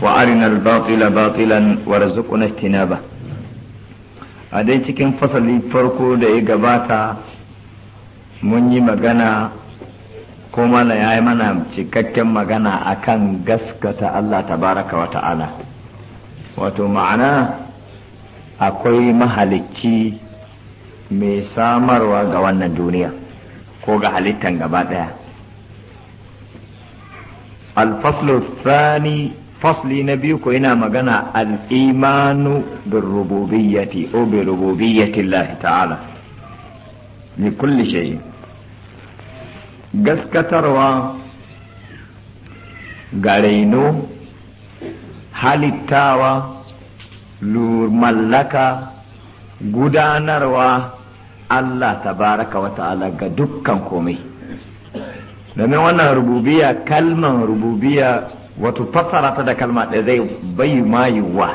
وأرنا الباطل باطلا وارزقنا اجتنابه a dai cikin fasali farko da ya gabata mun yi magana ko mana ya mana cikakken magana akan gaskata Allah tabaraka wa ta'ala wato ma'ana akwai mahalicci mai samarwa ga wannan duniya ko ga halittan gaba ɗaya alfaslu thani fasli na biyu ko yana magana al'imanu bin rububiyyati o bin rububiyyati Allah ta'ala ni kulle shayi gaskatarwa ga raino halittawa mallaka gudanarwa Allah baraka wa ta'ala ga dukkan komai domin wannan rububiya kalman rububiya wato fassara ta da kalma ɗaya zai bai ma yiwuwa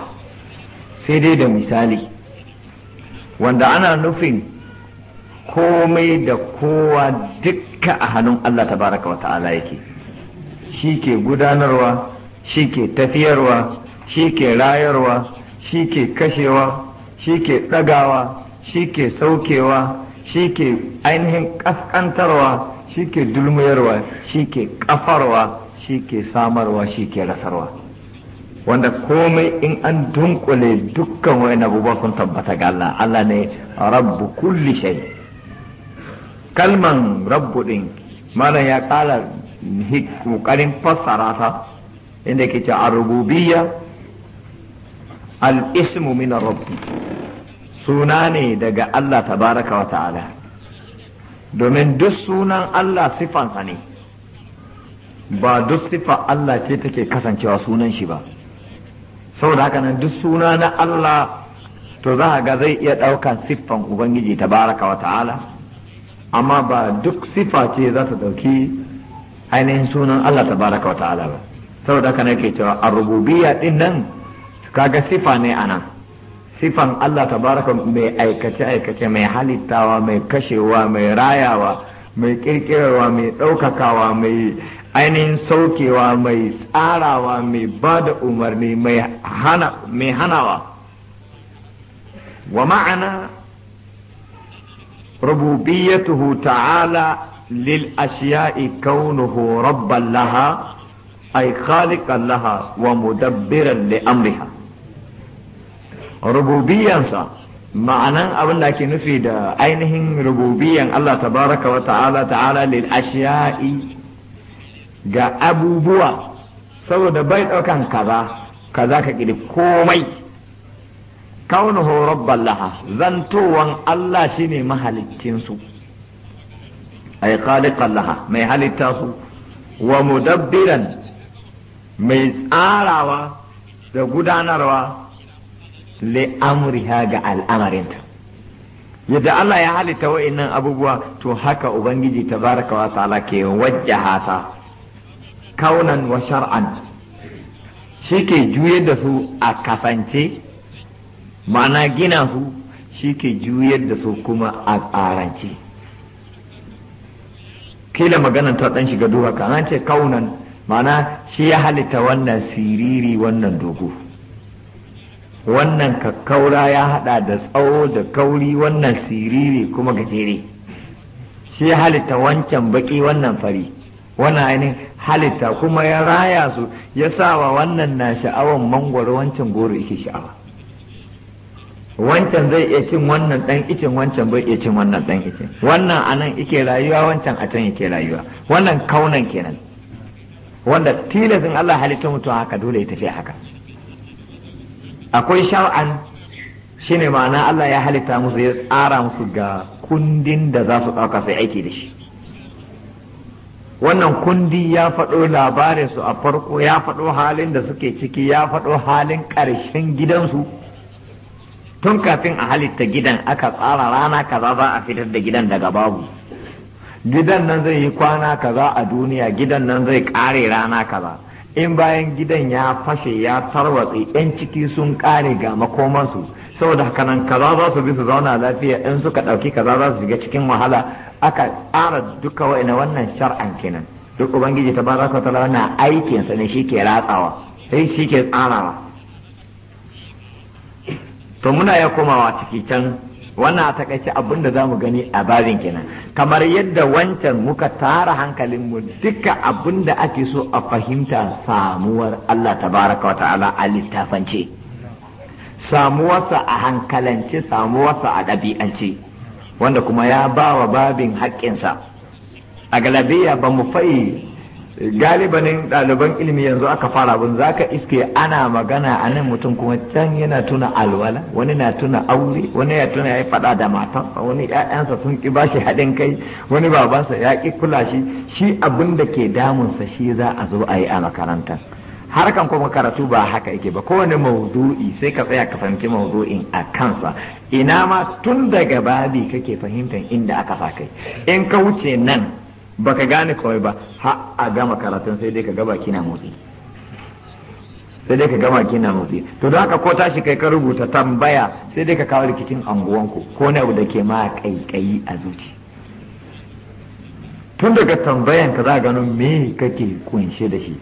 sai dai da misali wanda ana nufin komai da kowa dukka a hannun Allah tabaraka wa ta'ala yake shi ke gudanarwa shi ke tafiyarwa shi ke rayarwa shi ke kashewa shi ke ɗagawa shi ke saukewa shi ke ainihin ƙasƙantarwa shi ke dulmuyarwa shi ke ƙafarwa shi ke samarwa shi ke rasarwa wanda komai in an dunkule dukkan wa'in abubuwa sun tabbata ga Allah Allah ne rabbu kulli shay kalman rabbu din mana ya kala kokarin fassara ta inda ke ce rububiyya al-ismu min rabbi suna ne daga Allah tabaraka wa ta'ala domin duk sunan Allah sifansa ne ba duk sifa Allah ce take kasancewa sunan shi ba saboda haka nan duk suna na Allah to za a ga zai iya ɗaukan siffan Ubangiji baraka wa ta'ala amma ba duk sifa ce za ta ɗauki ainihin sunan Allah ta baraka wa ta'ala ba saboda haka nan ke cewa a rububiya ɗin nan ga sifa ne a nan. Sifan Allah ta baraka mai aikace aikace mai halittawa mai kashewa mai rayawa mai kirkirarwa mai ɗaukakawa mai ainihin saukewa mai tsarawa mai ba da umarni mai hanawa wa ma'ana rububiyatuhu ta'ala lil ashiya'i kaunuhu rabban laha ay khaliqan laha wa mudabbiran li amriha rububiyansa ma'anan abin da ake nufi da ainihin rububiyan Allah tabaraka wa ta'ala ta'ala lil ashiya'i ga abubuwa saboda bai ɗaukan kaza kaza ka ƙiri komai kaunuhu rabban laha zantowan Allah shine mahalittinsu ay khaliqan laha mai halitta su wa mudabbiran mai tsarawa da gudanarwa li amriha ga al'amarinta yadda Allah ya halitta nan abubuwa to haka ubangiji tabaraka wa ta'ala ke wajjahata kaunan wa shar'an shi ke juyar da su a kasance ma'ana gina su shi ke juyar da su kuma a tsarance kila maganan ta dan shiga duha ka an ce kaunan ma'ana shi ya halitta wannan siriri wannan dogo wannan kakkaura ya hada da tsawo da kauri wannan siriri kuma gajere shi ya halitta wancan baki wannan fari wannan ainihin halitta kuma ya raya su ya wa wannan na sha'awan mangwaro wancan goro yake sha'awa wancan zai iya cin wannan dan icin wancan bai iya cin wannan dan icin wannan a nan ike rayuwa wancan a can yake rayuwa wannan kaunan kenan wanda tilasin Allah halitta mutuwa haka dole ya tafi haka akwai sha'an shine ma'ana Allah ya halitta musu ya tsara musu ga kundin da za su ɗauka sai aiki da shi wannan kundi ya faɗo labarin su a farko ya faɗo halin da suke ciki ya faɗo halin ƙarshen gidansu tun kafin a halitta gidan aka tsara rana kaza za a fitar da gidan daga babu gidan nan zai yi kwana kaza a duniya gidan nan zai ƙare rana kaza in bayan gidan ya fashe ya tarwatse 'yan ciki sun ƙare ga makomansu saboda haka nan kaza za su bi su zauna lafiya in suka ɗauki kaza za su shiga cikin wahala aka tsara duka wa'ina wannan shar'an kenan duk ubangiji ta baraka ta na aikinsa ne shi ke ratsawa sai shi ke tsarawa to muna ya komawa ciki can wannan a takaice abin da za mu gani a babin kenan kamar yadda wancan muka tara hankalinmu duka abin da ake so a fahimta samuwar Allah ta baraka wa ta'ala a littafance samuwarsa a hankalance samuwarsa a ɗabi'ance wanda kuma ya ba wa babin haƙƙinsa a galabiya ba mu fai galibanin ɗaliban ilimi yanzu aka fara bin za ka iske ana magana a nan mutum kuma can yana tuna alwala wani na tuna aure wani ya tuna ya yi faɗa da matarsa wani yayansa sun ƙi bashi haɗin kai wani babansa ya ƙi kula shi shi abin ke damunsa shi za a zo a yi a makarantar harkan kuma karatu ba haka yake ba kowane mawdu'i sai ka tsaya ka fahimci mawdu'in a kansa ina ma tun daga babi kake fahimtar inda aka sa kai in ka wuce nan baka gane kawai ba ha a gama karatun sai dai ka gaba kina motsi sai dai ka gama kina motsi to don haka ko tashi kai ka rubuta tambaya sai dai ka kawo rikicin anguwanku ko na abu da ke ma kaikayi a zuci tun daga tambayan ka za gano me kake kunshe da shi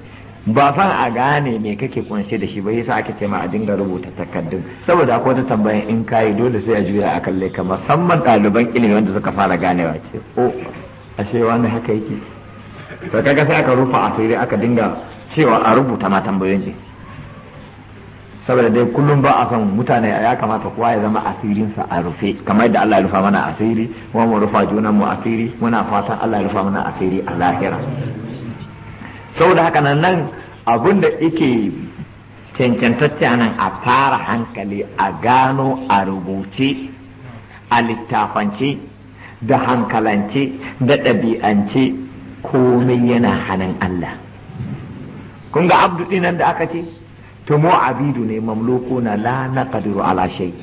ba san a gane me kake kunshe da shi ba yasa ake ce ma a dinga rubuta takardun saboda akwai wata tambaya in kayi dole sai a juya a kalle ka musamman ɗaliban ilimi wanda suka fara ganewa ce o oh, ashe wani haka yake to kaga sai aka rufa asiri aka dinga cewa a rubuta ma tambayoyin saboda dai kullum ba a san mutane ya kamata kowa ya zama asirinsa a rufe kamar yadda Allah ya rufa mana asiri kuma mu rufa junan mu asiri muna fatan Allah ya rufa mana asiri a lahira saboda haka nan nan abin da yake cancantacce nan a fara hankali a gano a rubuce a littafance da hankalance da ɗabi'ance komai yana hannun Allah kun ga abdu dinan da aka ce to mu abidu ne mamloko na la na ala shay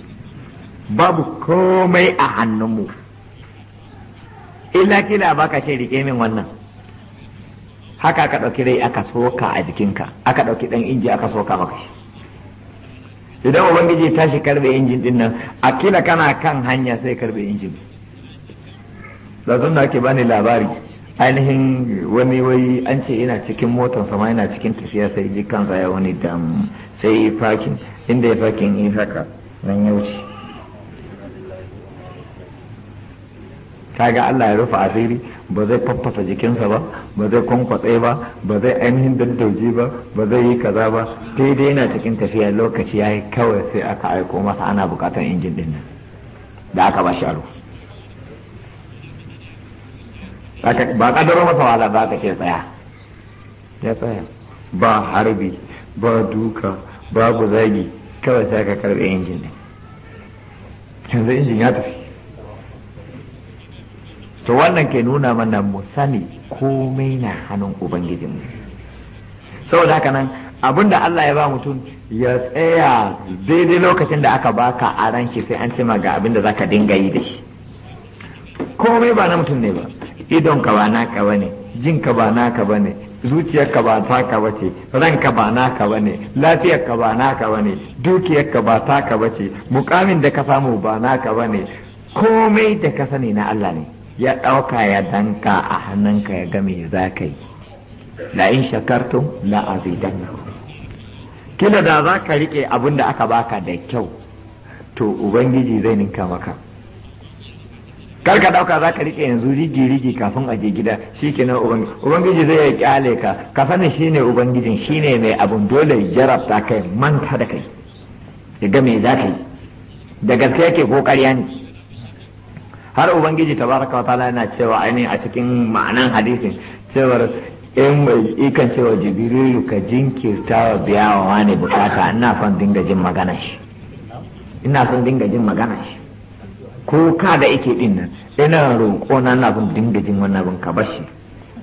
babu komai a hannunmu illa kila baka ce rike min wannan haka aka ɗauki rai aka soka a jikinka aka ɗauki ɗan inji aka soka maka shi idan ubangiji ya tashi karbe injin din nan kila kana kan hanya sai karbe injin da sun da ake bani labari ainihin wani wai an ce yana cikin motar sama yana cikin tafiya sai ji kansa ya wani dam sai fakin inda ya fakin in haka nan ya wuce kaga Allah ya rufe asiri ba zai faffasa jikinsa ba ba zai kwankwatse ba ba zai ainihin daddauji ba ba zai yi kaza ba sai dai yana cikin tafiya lokaci ya yi kawai sai aka aiko masa ana bukatar injin din nan da aka ba shi aro ba kadaro masa wala ba aka ce tsaya ya tsaya ba harbi ba duka babu zagi kawai sai aka karbe injin din yanzu injin ya tafi to wannan ke nuna mana mu sani komai na hannun ubangijinmu saboda haka nan abinda Allah ya ba mutum ya tsaya daidai lokacin da aka baka a ran shi sai an ce ma ga abin da zaka dinga yi da shi komai ba na mutum ne ba idonka ba naka bane ne jinka ba naka bane ne zuciyarka ba taka bace ce ranka ba naka bane ne lafiyarka ba naka bane ne dukiyarka ba taka ba ce mukamin da ka samu ba naka ba ne komai da ka sani na Allah ne ya ɗauka ya danka a hannunka ya ga me za ka yi la in shakartum la azidannakum kila da za ka rike abin da aka baka da kyau to ubangiji zai ninka maka kar ka ɗauka za ka rike yanzu rigi rigi kafin a je gida shikenan ubangiji ubangiji zai yi kyale ka ka sani shine ubangijin shine mai abun dole jarabta kai manta da kai ya ga me za ka yi da gaske yake ko ƙarya ne har ubangiji ta baraka wa ta'ala yana cewa ainihin a cikin ma'anan hadisin cewar in mai ikan cewa jibrilu ka jinkirta wa biyawa ne bukata ina son dinga jin magana shi ina son dinga jin magana shi ko ka da ike din nan ina roƙo na ina son dinga jin wannan abin ka bashi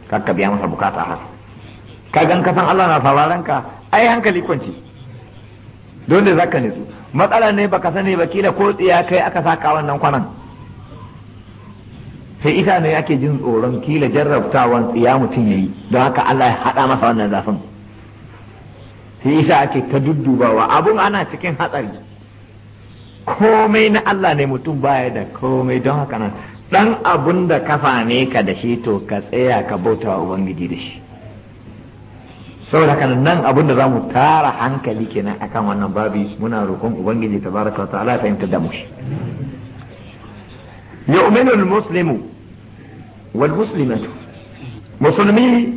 kar ka biya masa bukata haka ka gan ka san Allah na sauraron ka ai hankali kwanci dole zaka nitsu matsala ne baka sani ba kila ko tsiya kai aka saka wannan kwanan sai isa ne ake jin tsoron kila jarrabtawan tsiya mutum yayi don haka Allah ya haɗa masa wannan zafin sai isa ake ta duddubawa abun ana cikin hatsari komai na Allah ne mutum baya da komai don haka nan dan abun da kafa ne ka da shi to ka tsaya ka bauta wa ubangiji da shi saboda haka nan abun da za mu tara hankali kenan akan wannan babi muna roƙon ubangiji tabaraka wa ta'ala ya fahimtar da mu shi يؤمن المسلم wal muslimatu musulmi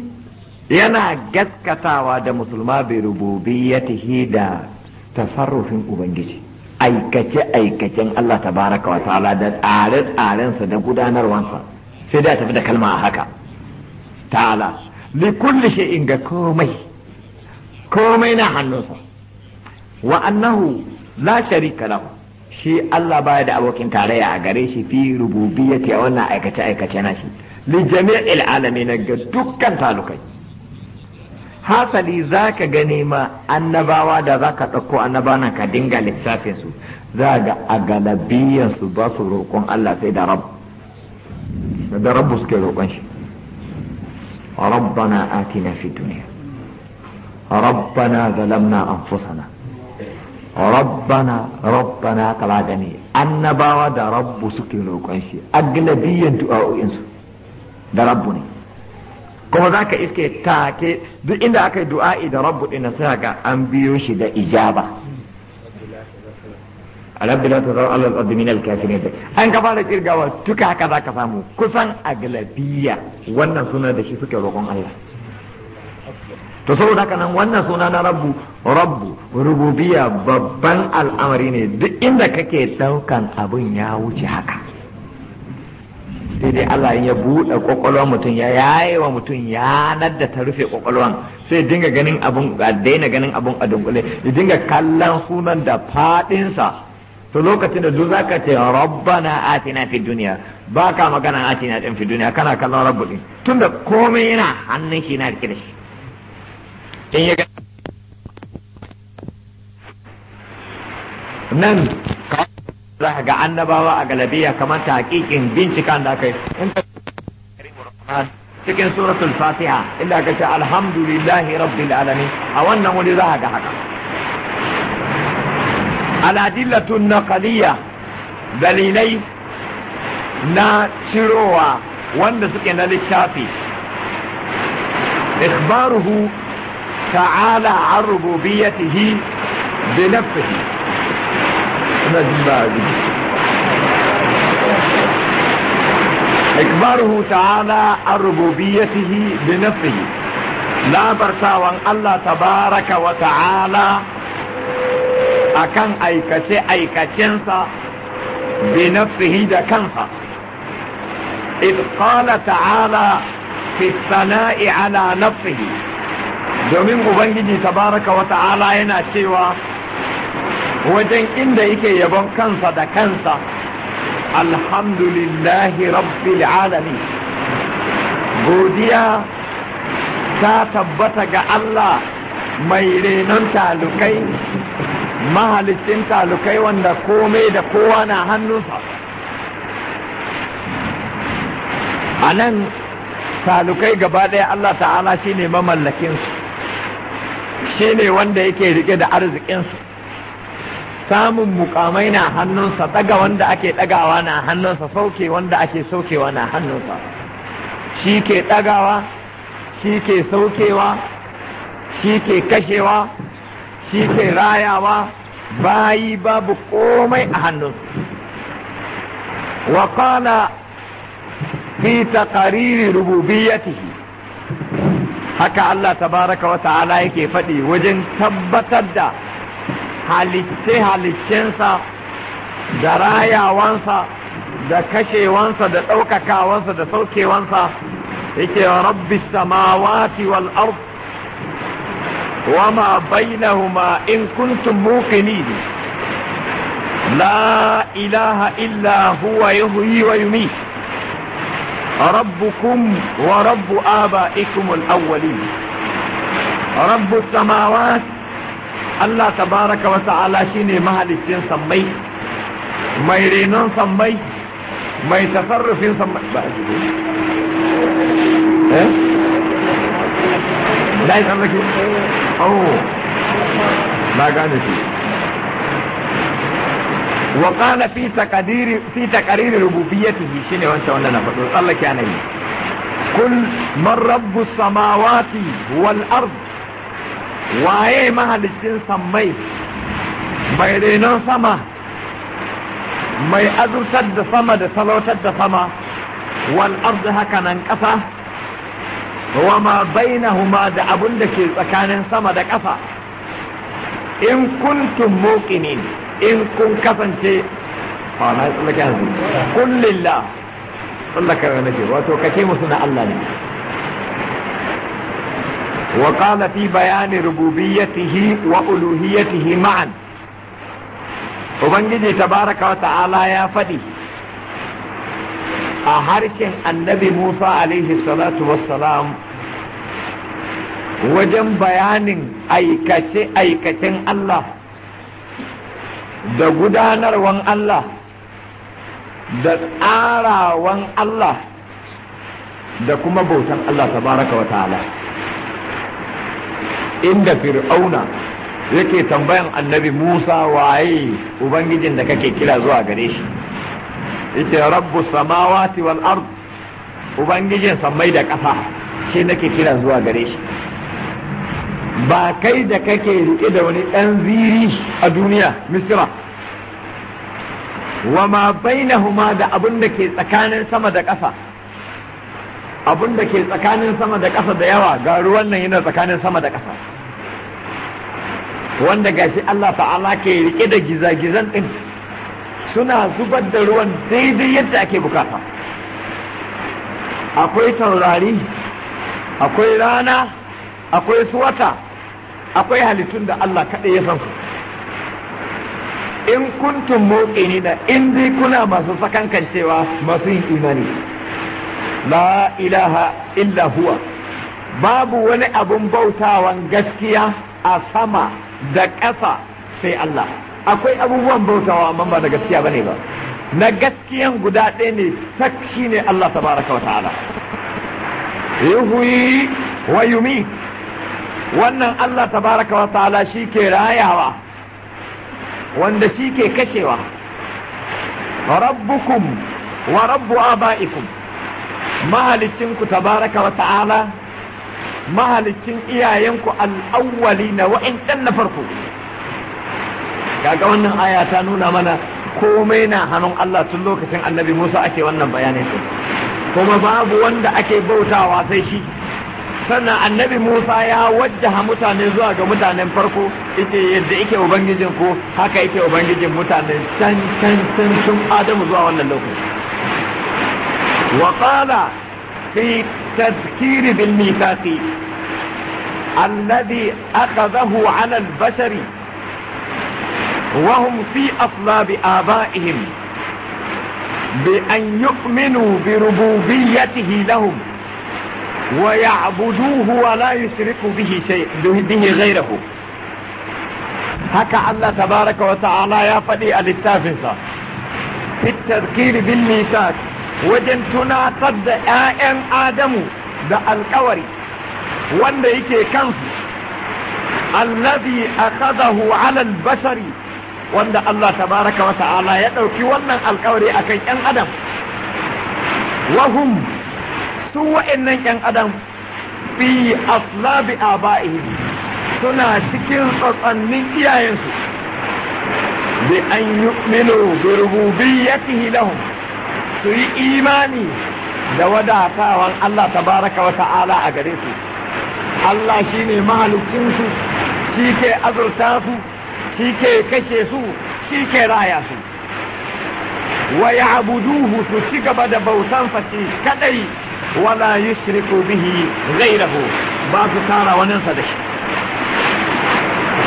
yana gaskatawa da musulma bi rububiyyatihi da tasarrufin ubangiji aikace aikacen Allah ta wa ta'ala da tsare tsarensa da gudanarwansa sai da tafi da kalma a haka ta'ala li kulli shay'in ga komai komai na hannunsa wa annahu la sharika lahu shi Allah baya da abokin tarayya a gare shi fi rububiyyati a wannan aikace aikace na shi li jami'il na ga dukkan talukai hasali za ka gani ma annabawa da za ka ɗauko annabanan ka dinga lissafin su za ga a galabiyan su ba su roƙon Allah sai da rab da rabbu suke roƙon shi rabbana atina fi duniya rabbana zalamna annabawa da rabbu suke roƙon shi a su da rabbu ne kuma za ka iske take duk inda aka yi du'a'i da rabbu ɗin na sai ga an biyo shi da ijaba alhamdulillah ta zama Allah tsaddi minal yadda an ka fara kirgawa tuka haka za ka samu kusan galabiya wannan suna da shi suke roƙon Allah to saboda haka nan wannan suna na rabbu rabbu rububiya babban al'amari ne duk inda kake ɗaukan abun ya wuce haka sai dai Allah ya buɗe kwakwalwar mutum ya yaye wa mutum yanar da ta rufe kwakwalwar sai dinga ganin abun a daina ganin abun a dunkule ya dinga kallon sunan da faɗinsa to lokacin da duk zaka ce rabbana atina fi duniya ba ka magana atina din fi duniya kana kallon rabbu din tunda komai yana hannun shi na rike da shi in ya nan za ka ga annabawa a galabiya kamar ta hakikin bincikan da aka yi cikin suratul fatiha inda aka ce alhamdulillahi rabbil alamin a wannan wuri za ka ga haka aladillatul naqaliyya dalilai na cirowa wanda suke na littafi ikhbaruhu ta'ala an rububiyyatihi bi nafsihi احمد بن اكبره تعالى عن ربوبيته بنفيه لا برتا وان الله تبارك وتعالى اكان اي اكن اي ايكاتينسا بنفسه ده كنها اذ قال تعالى في الثناء على نفسه دومين ابنجي تبارك وتعالى هنا تشيوا wajen inda yake yabon kansa da kansa alhamdulillahi rabbil alamin godiya ta tabbata ga Allah mai renon talukai mahalicin talukai wanda komai da kowa na hannunsa a nan talukai gaba ɗaya Allah ta'ala shi ne mamallakinsu shi ne wanda yake rike da arzikinsu samun mukamai na hannunsa ɗaga wanda ake ɗagawa na hannunsa sauke wanda ake saukewa na hannunsa shi ke dagawa shi ke saukewa shi ke kashewa shi ke rayawa bayi babu komai a hannunsa وقال في تقارير ربوبيته haka Allah tabaraka wa ta'ala yake faɗi wajen tabbatar da halitce-halitcensa da rayawansa da kashewansa da ɗaukakawansa da saukewansa yake wa rabbi samawati wal ard wama bainahuma in kuntum muqinin la ilaha illa huwa yuhyi wa yumiit ربكم ورب آبائكم الأولين رب السماوات Allah tabaraka wa ta'ala shine mahalicin sammai mai renon sammai mai tasarrufin sammai ba a jide eh dai tsallake oh na gane shi wa qala fi taqdir fi taqrir rububiyyatihi shine wancan wannan na faɗo tsallake anayi kul man rabbus samawati wal ardh waye mahalicin sammai mai renon sama mai azurtar da sama da talautar da sama wal ardu haka nan ƙasa wa ma bainahuma da abun da ke tsakanin sama da ƙasa in kuntum muqinin in kun kasance ba na tsallake hanzu kullillah tsallaka nake wato kake musu na Allah ne وقال في بيان ربوبيته وألوهيته معا وبنجي تبارك وتعالى يا فدي Annabi النبي موسى عليه الصلاة والسلام wajen bayanin aikace-aikacen Allah da gudanarwan Allah da tsarawan Allah da kuma bautan Allah tabaraka wa ta'ala inda fir'auna yake tambayan annabi musa waye ubangijin da kake kira zuwa gare shi yake rabbu samawati wal ard ubangijin sammai da ƙasa shi nake kira zuwa gare shi ba kai da kake riƙe da wani ɗan ziri a duniya misira wa ma bainahuma da abin da ke tsakanin sama da ƙasa abin da ke tsakanin sama da ƙasa da yawa ga ruwan nan yana tsakanin sama da ƙasa wanda gashi Allah ta'ala ke rike da gizagizan din suna zubar da ruwan daidai yadda ake bukata akwai taurari akwai rana akwai suwata akwai halittun da Allah kaɗai ya san In in kuntum motsi na in dai kuna masu sakankancewa masu yin imani la ilaha illa huwa babu wani abun bautawan gaskiya a sama da ƙasa sai Allah akwai abubuwan bautawa amma ba da gaskiya bane ba na gaskiyan guda ɗaya ne tak shine Allah tabaraka wa ta'ala yuhyi wa yumi wannan Allah tabaraka wa ta'ala shi ke rayawa wanda shi ke kashewa rabbukum wa rabbu aba'ikum mahalicinku tabaraka wa ta'ala mahalicin iyayenku al'awwali na wa'incan na farko kaga wannan aya ta nuna mana komai na hannun Allah tun lokacin annabi Musa ake wannan bayanin kuma babu wanda ake bautawa sai shi sannan annabi Musa ya wajjaha mutane zuwa ga mutanen farko ita yadda ike ubangijin ko haka ike ubangijin mutanen can can can sun adamu zuwa wannan lokaci wa ƙala fi التذكير بالميثاق الذي أخذه على البشر وهم في أصلاب آبائهم بأن يؤمنوا بربوبيته لهم ويعبدوه ولا يشركوا به, شيء به غيره هكا الله تبارك وتعالى يا فدي الاستاذ في التذكير بالميثاق wajen tunatar da 'ya'yan adamu da alkawari wanda yake kansu allazi akhadahu ala albashari wanda Allah tabaraka wa ta'ala ya ɗauki wannan alkawari akan 'yan adam wahum su wa'annan 'yan adam fi aslabi aba'ihim suna cikin tsotsannin iyayensu bi an yu'minu bi rububiyyatihi lahum su yi imani da wadatawan Allah tabaraka wa ta'ala a gare su Allah shi ne mahalicinsu shi ke azurta su shi ke kashe su shi ke raya su wa Abuduhu su ci gaba da bautan fashi kadai wala yushriku bihi ghayrahu ba su tara waninsa da shi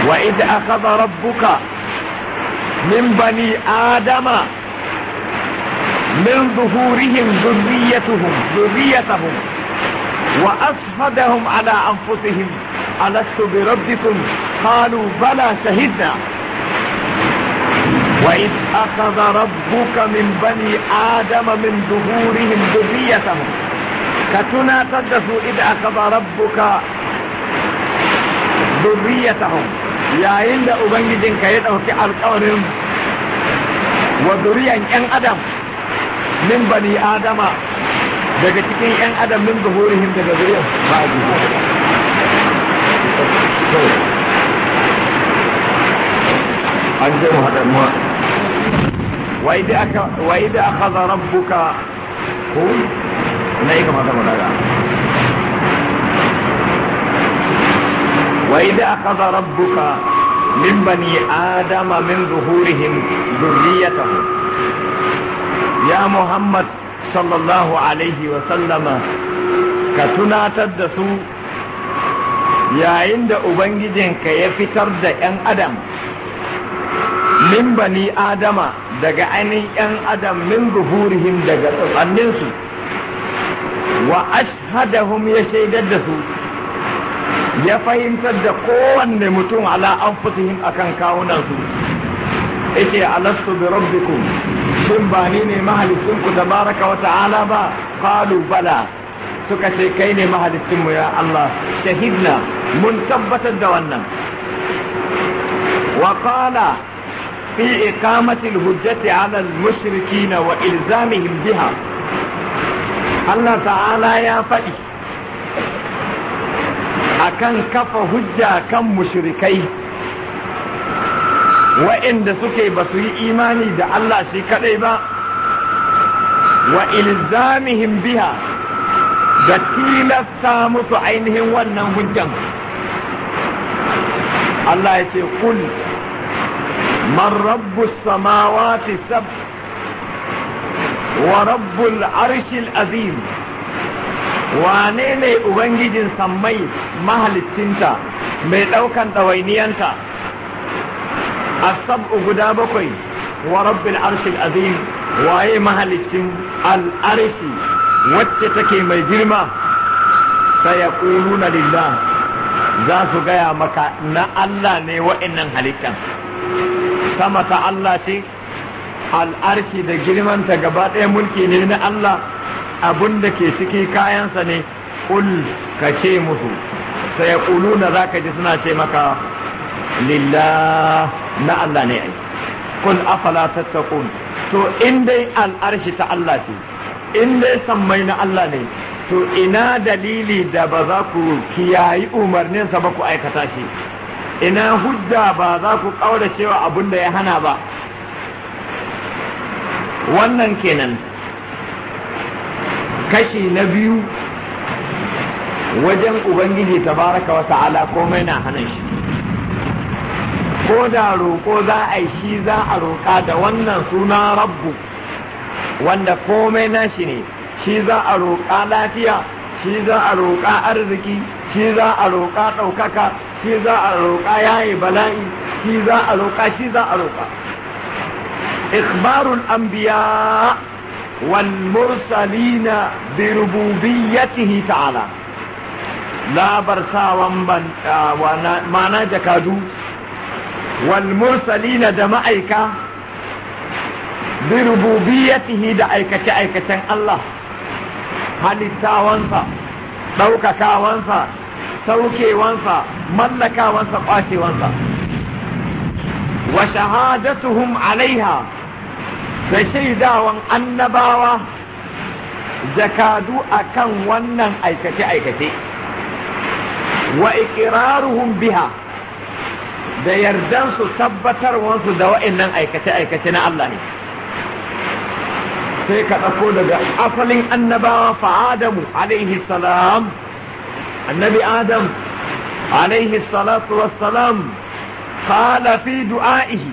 wa id akhadha rabbuka min bani adama من ظهورهم ذريتهم ذريتهم وأصفدهم على أنفسهم ألست بربكم قالوا بلى شهدنا وإذ أخذ ربك من بني آدم من ظهورهم ذريتهم كتنا تدسوا إذ أخذ ربك ذريتهم يا إلا أبنجدين كيدهم في القرم وذريا أن أدم min bani adama daga cikin yan adam min zuhurihim daga zuriyar ba a an ce mu haɗa ma wa idza akhadha rabbuka ko na yi kamata mu daga wa idza akhadha rabbuka min bani adama min zuhurihim dhurriyyatahum ya muhammad sallallahu alaihi sallama ka tunatar da su yayin da ubangijinka ya fitar da 'yan adam min bani adama daga ainihin 'yan adam min zuhurihim daga tsanninsu wa ashhadahum ya shaidar da su ya fahimtar da kowanne mutum ala anfusihim akan kawunansu ita alastu bi rabbikum shin ba ni ne mahalicin ku baraka wa ta'ala ba qalu bala suka ce kai ne mahalicin mu ya Allah shahidna mun tabbatar da wannan wa qala fi iqamati al-hujjati 'ala al-mushrikeena wa ilzamihim biha Allah ta'ala ya faɗi akan kafa hujja kan mushrikai wa'inda suke ba su yi imani da Allah shi kadai ba wa ilzamihim biha da tilasta musu ainihin wannan hujjan Allah ya ce kul man rabbu samawati sab wa rabbul arshil azim wane ne ubangijin sammai mahalicinta mai ɗaukan ɗawainiyanta as-sab'u guda bakwai wa rabbil arshil azim waye mahalicin al'arshi wacce take mai girma sayaquluna lillah za su gaya maka na Allah ne wa'annan halittan sama ta Allah ce al'arshi da girmanta gaba ɗaya mulki ne na Allah abun da ke ciki kayansa ne kul ka ce musu sayaquluna za ka ji suna ce maka lillah na Allah ne ai kun afala tattaqun to in dai al'arshi ta Allah ce in dai sammai na Allah ne to ina dalili da ba za ku kiyayi umarninsa ba ku aikata shi ina hujja ba za ku kaura cewa abin da ya hana ba wannan kenan kashi na biyu wajen ubangiji tabaraka wa ta'ala komai na hana shi ko da roƙo za a yi shi za a roƙa da wannan suna rabbu wanda komai nashi ne shi za a roƙa lafiya shi za a roƙa arziki shi za a roƙa ɗaukaka shi za a roƙa yayi bala'i shi za a roƙa shi za a roƙa ikhbarul anbiya wal mursalina bi rububiyyatihi ta'ala sawan ban ah, mana jakadu wal mursalina da ma'aika bi rububiyatihi da aikace aikacen Allah halittawansa ɗaukakawansa saukewansa mallakawansa ƙwacewansa wa shahadatuhum alaiha da shaidawan annabawa jakadu akan wannan aikace-aikace wa ikiraruhum biha da yardan su tabbatar wansu da wa'annan aikace-aikace na Allah ne sai ka ɗauko daga asalin annabawa fa adamu alaihi salam annabi adam alaihi salatu wassalam qala fi du'a'ihi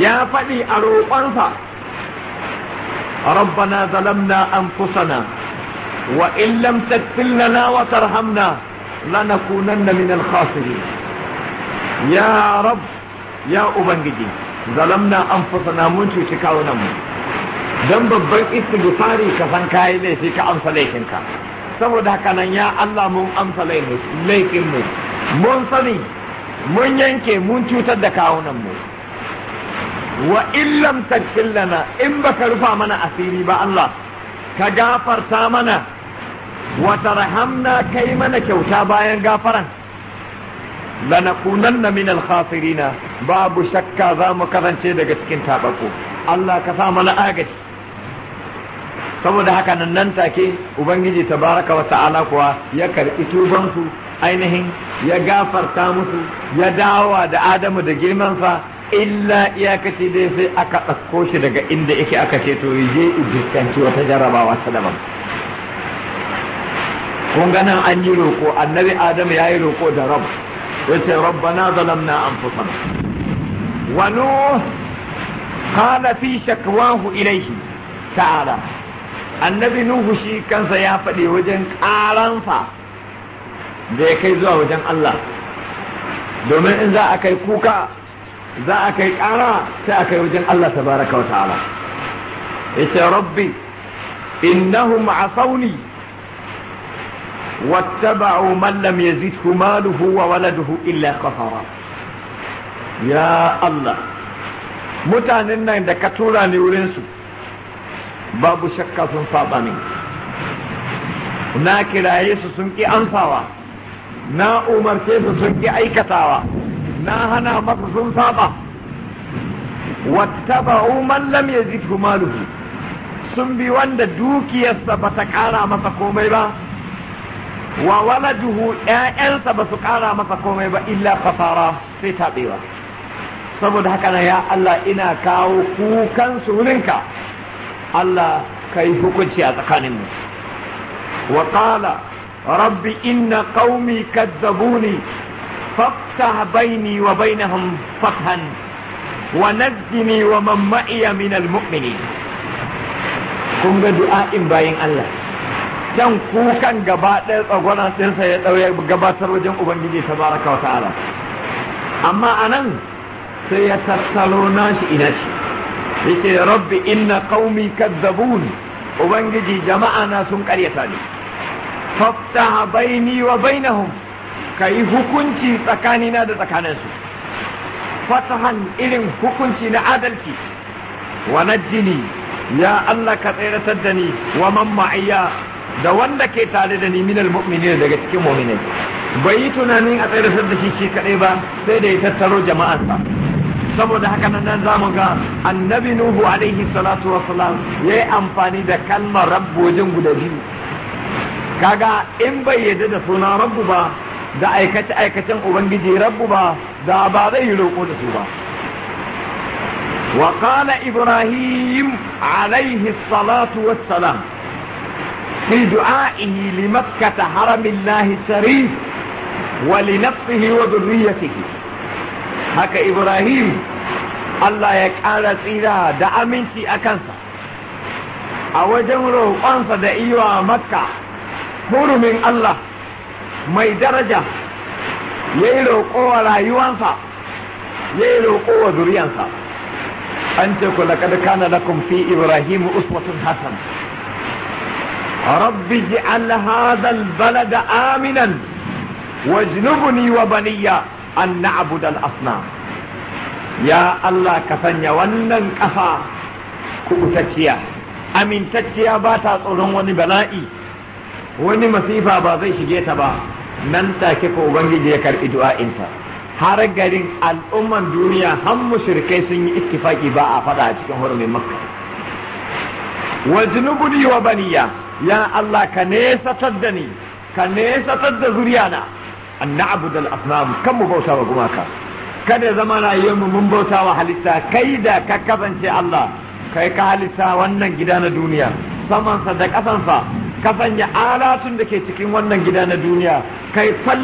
ya faɗi a roƙonsa ربنا ظلمنا أنفسنا وإن لم تكفل لنا وترحمنا لنكونن من الخاسرين ya rab ya ubangiji zalamna na mun cuci kawunan mu dan babban istighfari ka san kai laifi ka amsa laifin ka saboda haka nan ya Allah mun amsa laifin mu mun sani mun yanke mun cutar da kawunanmu. mu wa illam tagfir lana in baka rufa mana asiri ba Allah ka gafarta mana wa tarhamna kai mana kyauta bayan gafaran lanakunanna min al-khasirina babu shakka za mu kasance daga cikin tabako Allah ka sa mana agaji saboda haka nan nan take ubangiji tabaraka wa ta'ala kuwa ya karbi tuban ainihin ya gafarta musu ya dawa da Adamu da girman sa illa iyakaci dai sai aka ɗauko shi daga inda yake aka ce to je fuskanci wata jarabawa ta daban kun ganin an yi roko annabi adamu ya yi roko da rabu yace rabbana zalamna anfusana wa nuh qala fi shakwahu ilayhi ta'ala annabi nuhu shi kansa ya faɗi wajen ƙaransa da ya kai zuwa wajen Allah domin in za a kai kuka za a kai ƙara sai a kai wajen Allah tabaraka wa ta'ala yace rabbi innahum asawni واتبعوا من لم يزده ماله وولده إلا خسارا يا الله mutanen nan da ka tura ni wurinsu babu shakka sun saba ni na kiraye su sun ƙi amsawa na umarce su sun ƙi aikatawa na hana masu sun saba wattaba'u man lam yazidhu sun bi wanda dukiyarsa bata ƙara masa komai ba wa waladuhu ƴaƴansa ba su ƙara masa komai ba illa kafara sai taɓewa saboda haka na ya Allah ina kawo kukan surinka Allah ka yi hukunci a tsakaninmu wa ƙala rabbi inna qaumi kazzabuni faftah baini wa bainahum fathan wa najjini wa man min al-mu'minin kun ga du'a'in bayin Allah wancan kukan gaba ɗaya tsagonan ɗinsa ya ɗauya gabatar wajen ubangiji ta baraka wa ta'ala amma a nan sai ya tattalo nashi ina shi yake rabbi inna qaumi kadzabun ubangiji jama'a na sun karyata ne faftaha baini wa bainahum yi hukunci tsakanina da tsakaninsu fatahan irin hukunci na adalci wa najjini ya Allah ka tsayar da ni wa man da wanda ke tare da ni minal mu'minin daga cikin mu'minai bai yi tunanin a tsaye da shi shi kadai ba sai da ya tattaro jama'arsa saboda haka nan za mu ga annabi nuhu alaihi salatu wassalam ya yi amfani da kalmar rabbu wajen guda biyu kaga in bai yadda da suna rabbu ba da aikace aikacen ubangiji rabbu ba da ba zai yi roƙo da su ba wa qala ibrahim alaihi salatu wassalam في دعائه لمكة حرم الله الشريف ولنفسه وذريته هكا إبراهيم الله يكارى سيدا دا أمنتي أكنسا أوجن روحانسا دا إيوى مكة حر من الله مي درجة يلو قوة رايوانسا يلو قوة ذريانسا أنت لقد كان لكم في إبراهيم أسوة حسنة رب اجعل هذا البلد آمنا واجنبني وبني أن نعبد الأصنام يا الله كفن ونن كفا كؤتكيا أمين تكيا باتا تقولون ونبلائي wani masifa ba zai shige ta ba nan take ko ubangiji ya karbi du'a'insa har garin al'umman duniya har mushrikai sun yi ittifaki ba a faɗa a cikin hurumin wa ya Allah ka nesatar da ni ka nesatar da zuriyana an na'budal asnam kan mu bauta wa gumaka kada zama yi mu mun bauta wa halitta kai da ka kasance Allah kai ka halitta wannan gida na duniya samansa da kasansa ka sanya alatun da ke cikin wannan gida na duniya kai wa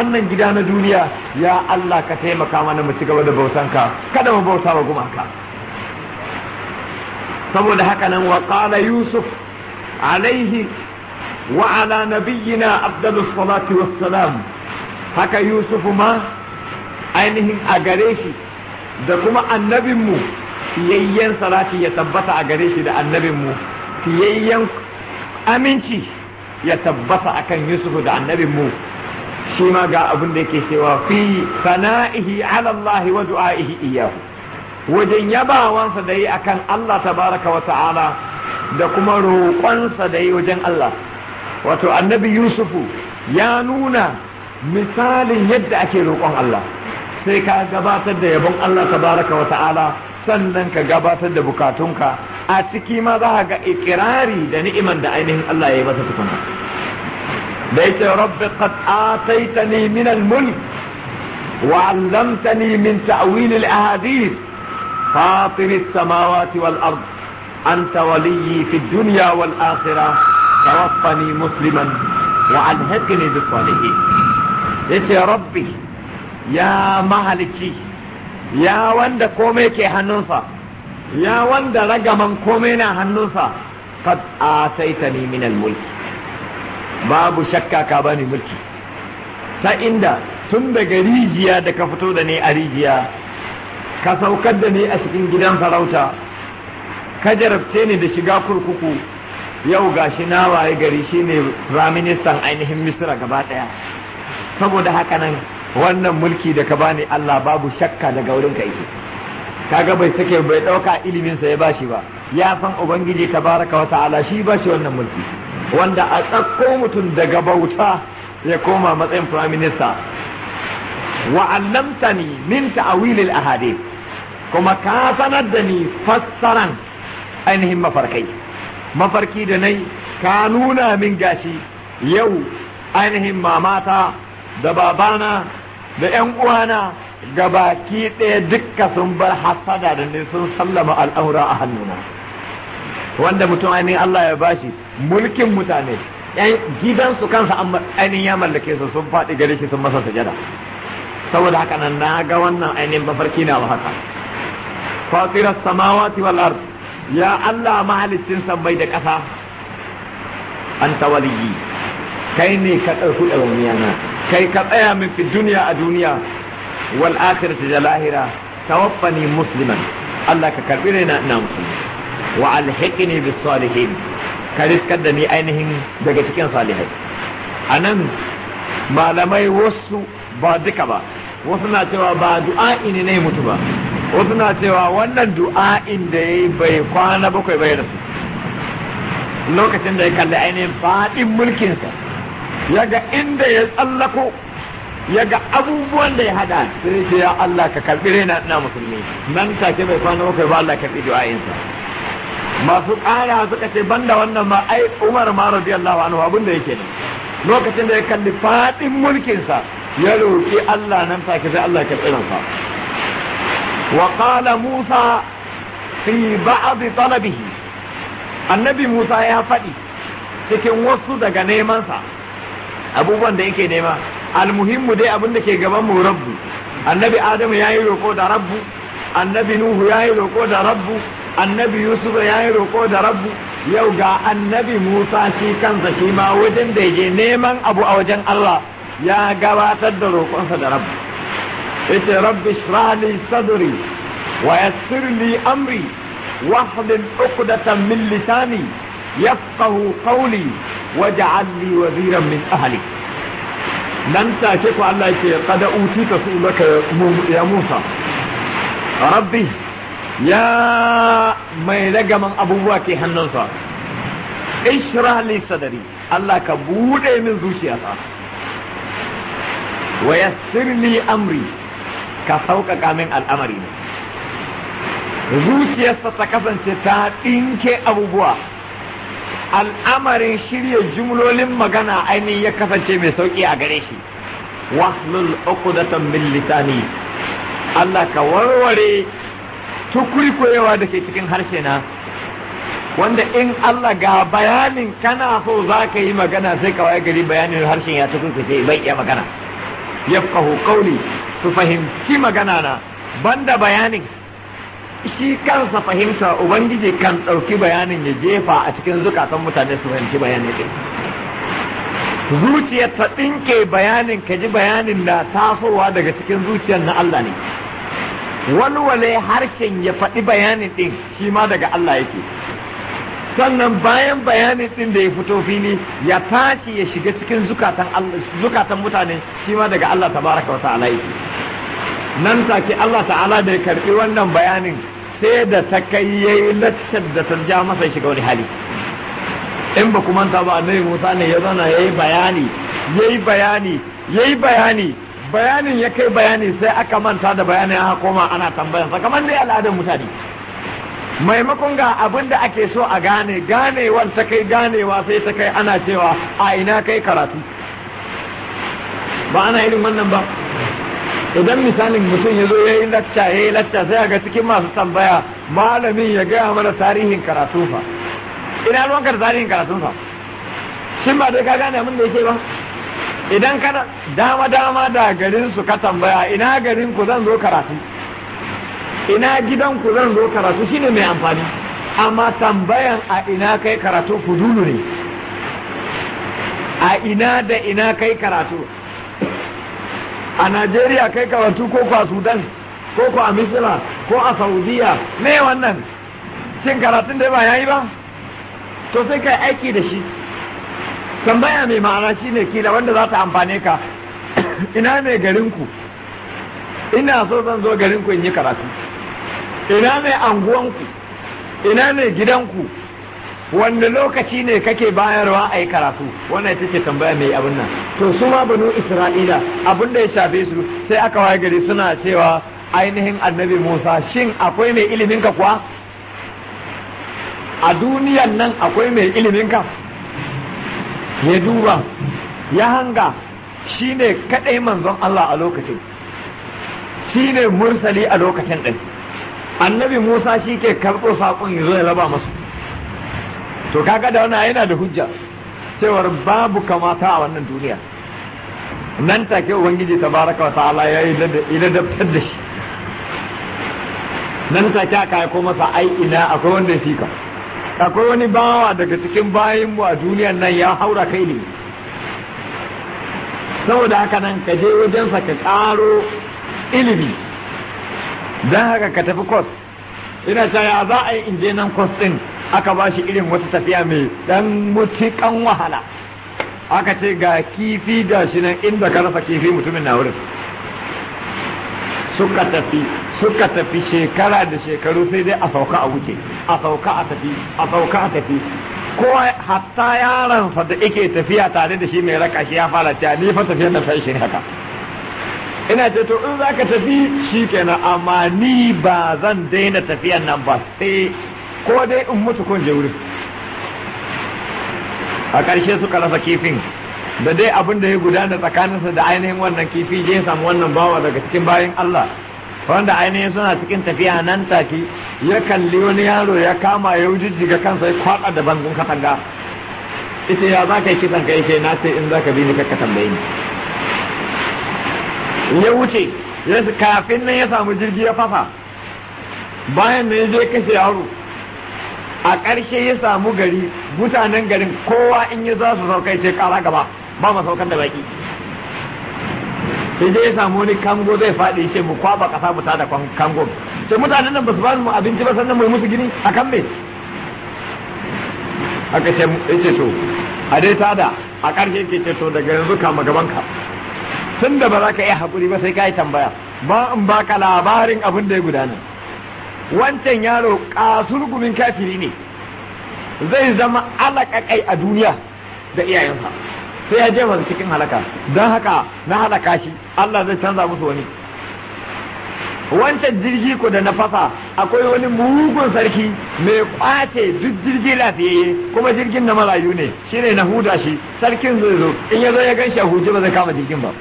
wannan gida na duniya ya Allah ka taimaka mana mu ci gaba da bautanka kada mu bauta wa gumaka saboda haka nan wa qala yusuf عليه وعلى نبينا أفضل الصلاة والسلام haka Yusuf ma ainihin a gare shi da kuma annabinmu fiyayyen salati ya tabbata a gare shi da annabinmu fiyayyen aminci ya tabbata akan Yusuf da annabinmu shi ma ga abin da yake cewa fi sana'ihi ala Allah wa du'a'ihi iyahu wajen yabawansa da yi akan Allah tabaraka da kuma roƙonsa da yi wajen Allah wato annabi yusufu ya nuna misalin yadda ake roƙon Allah sai ka gabatar da yabon Allah tabaraka wa ta'ala sannan ka gabatar da bukatunka a ciki ma za ga ikirari da ni'iman da ainihin Allah ya yi masa tukuna da yake rabbi qad ataitani min al-mulk wa 'allamtani min ta'wil al-ahadith fatir as-samawati wal-ard أنت ولي في الدنيا والآخرة توفني مسلما وألهكني بالصالحين yace rabbi ya mahalicci ya wanda komai ke hannunsa ya wanda ragaman komai na hannunsa qad ataitani min al-mulki babu shakka ka bani mulki ta inda tun daga rijiya da ka fito da ni a rijiya ka saukar da ni a cikin gidan sarauta ka jarabce ni da shiga kurkuku yau gashi na waye gari shi ne firaministan ainihin misira gaba ɗaya saboda haka nan wannan mulki da ka bani Allah babu shakka daga wurin ka yake kaga bai sake bai ɗauka iliminsa ya bashi ba ya san ubangiji baraka wa ta'ala shi bashi wannan mulki wanda a tsakko mutum daga bauta ya koma matsayin firaminista wa'allamtani min ta'awilil ahadith kuma ka sanar da ni fassaran ainihin mafarkai mafarki da nai ka nuna min gashi yau ainihin mamata da babana da 'yan uwana ga baki ɗaya dukka sun bar hasada da ne sun sallama al'aura a hannuna wanda mutum ainihin Allah ya bashi mulkin mutane gidansu kansa ainihin ya mallake su sun faɗi gare shi sun masa sujada saboda haka nan na ga wannan ainihin mafarki na haka fatirar samawati wal ardh ya Allah mahalicin sammai da ƙasa an tawaliyi kai ne ka ɗauki ɗauniya na kai ka tsaya min fi duniya a duniya wal akhirati da lahira tawaffani musliman Allah ka karɓi ne na ina musulmi wa alhiqni bis salihin ka riskar da ni ainihin daga cikin salihai anan malamai wasu ba duka ba wasu na cewa ba du'a ne mutu ba wasu na cewa wannan du'a'in da ya yi bai kwana bakwai bai rasu lokacin da ya kalli ainihin faɗin mulkinsa ya ga inda ya tsallako ya ga abubuwan da ya hada sai ce ya Allah ka karbi raina ina musulmi nan take bai kwana bakwai ba Allah karbi du'a'insa masu ƙara suka ce banda wannan ma ai Umar ma radiyallahu anhu abin da yake ne lokacin da ya kalli faɗin mulkinsa ya roƙi Allah nan take sai Allah ya karbi ransa وقال موسى في بعض طلبه annabi Musa ya faɗi cikin wasu daga nemansa abubuwan da yake nema almuhimmu dai abin da ke gaban mu rabbu annabi Adamu yayi yi da rabbu annabi Nuhu yayi yi da rabbu annabi Yusuf yayi roko da rabbu yau ga annabi Musa shi kansa shi ma wajen da yake neman abu a wajen Allah ya gabatar da roƙonsa da rabbu قلت يا رب اشرح لي صدري ويسر لي امري واحلل عقدة من لساني يفقه قولي واجعل لي وزيرا من اهلي نن take ku Allah ya قد اوتيت سؤلك يا موسى ربي يا mai daga man abubuwa ke hannunsa اشرح لي صدري الله ka من ذو zuciyata ويسر لي امري ka sauƙaƙa min al'amari ne zuciyarsa ta kasance ta ɗinke abubuwa al'amarin shirya jumlolin magana ainihin ya kasance mai sauƙi a gare shi wahlul da min litani. Allah ka warware tukurkurewa da ke cikin harshe na wanda in Allah ga bayanin kana so za ka yi magana sai ka waye gari bayanin harshen ya tukurkuce bai iya magana yafqahu qawli su fahimci magana na banda bayanin shi kansa fahimta ubangiji kan ɗauki bayanin ya jefa a cikin zukatan mutane su fahimci bayanin ɗin zuciyar ta ɗinke bayanin ka ji bayanin da tasowa daga cikin zuciyar na Allah ne walwale harshen ya faɗi bayanin ɗin shi ma daga Allah yake sannan bayan bayanin din da ya fito fili ya tashi ya shiga cikin zukatan mutane shi ma daga Allah tabaraka wa ta'ala yake nan take Allah ta'ala da ya karbi wannan bayanin sai da ta kai yayi laccar da ta ja masa shiga wani hali in ba kuma ta ba annabi Musa ne ya zana yayi bayani yayi bayani yayi bayani bayanin ya kai bayani sai aka manta da bayanin aka koma ana tambaya sakamakon dai al'adar mutane maimakon ga abin da ake so a gane ganewar ta kai ganewa sai ta kai ana cewa a ina kai karatu ba ana irin wannan ba idan misalin mutum ya zo ya yi lacca ya yi lacca sai ga cikin masu tambaya malamin ya gaya mana tarihin karatu fa ina ruwan da tarihin karatu fa shin ba dai ka gane abin da yake ba idan kana dama dama da garin su ka tambaya ina garin ku zan zo karatu ina gidanku zan zo karatu shine mai amfani amma tambayan a ina kai karatu fudulu ne a ina da ina kai karatu a najeriya kai karatu ko a sudan ko a misira ko a saudiya me wannan shin karatun da ba yi ba to sai kai aiki da shi tambaya mai ma'ana shine kila wanda za ta amfane ka ina mai garinku ina so zan zo garinku in yi karatu ina mai anguwanku ina mai gidanku wanda lokaci ne kake bayarwa a yi karatu wannan ita ce tambaya mai abin nan to su ma banu isra'ila abin da ya shafe su sai aka waye gari suna cewa ainihin annabi musa shin akwai mai ilimin kuwa a duniyan nan akwai mai ilimin ya duba ya hanga shine kadai manzon Allah a lokacin shine mursali a lokacin ɗin annabi Musa shi ke karɓo saƙon ya zo ya raba masu to kaga da wannan yana da hujja cewar babu kamata a wannan duniya nan take ubangiji ta baraka wa ta'ala ya yi ladabtar da shi nan take aka ko masa ai ina akwai wanda ya fika akwai wani bawa daga cikin bayanmu a duniyan nan ya haura kai ne saboda haka nan ka je wajensa ka ƙaro ilimi don haka ka tafi kwas ina ta ya za a yi in nan kwas ɗin aka ba shi irin wata tafiya mai dan mutukan wahala aka ce ga kifi da shi nan inda ka rasa kifi mutumin na wurin suka tafi suka tafi shekara da shekaru sai dai a sauka a wuce a sauka a tafi a sauka a tafi ko hatta yaransa da ike tafiya tare da shi mai raka shi ya fara cewa ni fa tafiyar da fashin haka ina ce to in za ka tafi shi kenan amma ni ba zan daina tafiyan nan ba sai ko dai in mutu kun je wurin a ƙarshe suka rasa kifin da dai abin da ya gudana tsakaninsa da ainihin wannan kifi je samu wannan bawa daga cikin bayan Allah wanda ainihin suna cikin tafiya nan take ya kalli wani yaro ya kama ya jijjiga kansa ya kwaɗa da bangun katanga ita ya za ka yi kisan ka yake na ce in za ka bi ni ka tambaye ni ya wuce kafin nan ya samu jirgi ya fafa bayan nan zai kashe yaro a ƙarshe ya samu gari mutanen garin kowa in yi za su saukai ce ƙara gaba ba ma saukan da baki sai ya samu wani kango zai faɗi ce mu kwaba ƙasa mu tada kango ce mutanen nan ba su ba mu abinci ba sannan mu musu gini a kan me aka ce to a dai tada a ƙarshe ke ce to daga yanzu kama gaban ka tun da ba za ka iya haƙuri ba sai ka yi tambaya ba in ba ka labarin abin da ya gudana wancan yaro gumin kafiri ne zai zama alaƙaƙai a duniya da iyayensa sai ya jefa su cikin halaka don haka na halaka shi Allah zai canza musu wani wancan jirgi ko da na fasa akwai wani mugun sarki mai kwace duk jirgi lafiyayye kuma jirgin na marayu ne shi ne na huda shi sarkin zai zo in ya zo ya gan shi a huje ba zai kama jirgin ba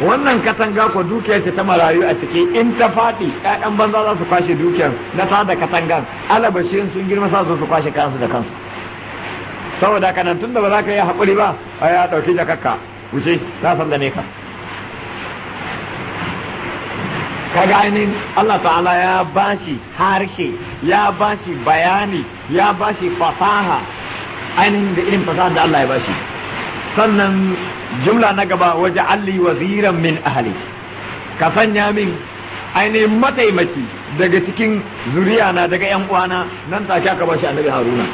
wannan katanga ko dukiyar ce ta marayu a ciki in ta faɗi ƴaƴan banza za su kwashe dukiyar na ta da katangan alabashin sun girma sa su kwashe kansu da kansu saboda kanan tun da ba za ka yi haƙuri ba a ya ɗauki kakka wuce na san da ne ka kaga gani Allah ta'ala ya bashi harshe ya bashi bayani ya bashi fasaha ainihin da irin fasaha da Allah ya ba shi sannan jumla na gaba waje alli waziran min ahali. ka sanya min ainihin mataimaki daga cikin zuriya na daga yan uwana nan take aka bashi annabi haruna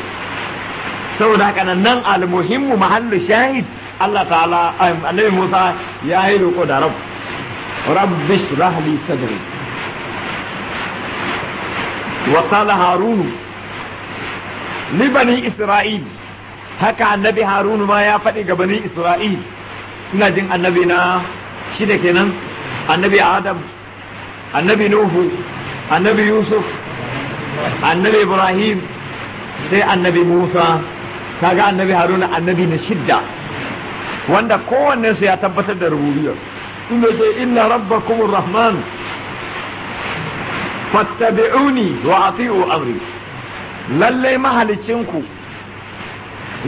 saboda haka nan almuhimmu mahallu shahid Allah ta'ala um, annabi Musa ya yi roko da rabb rabbi shrah li sadri wa qala harun li bani isra'il haka annabi harunu ma ya faɗi ga bani isra'il ina jin annabi na shida kenan annabi adam annabi nuhu annabi yusuf annabi ibrahim sai annabi musa kaga annabi haruna annabi na shidda wanda kowanne su ya tabbatar da rububiyar inda sai inna rabbakumur rahman fattabi'uni wa ati'u amri lalle mahalicinku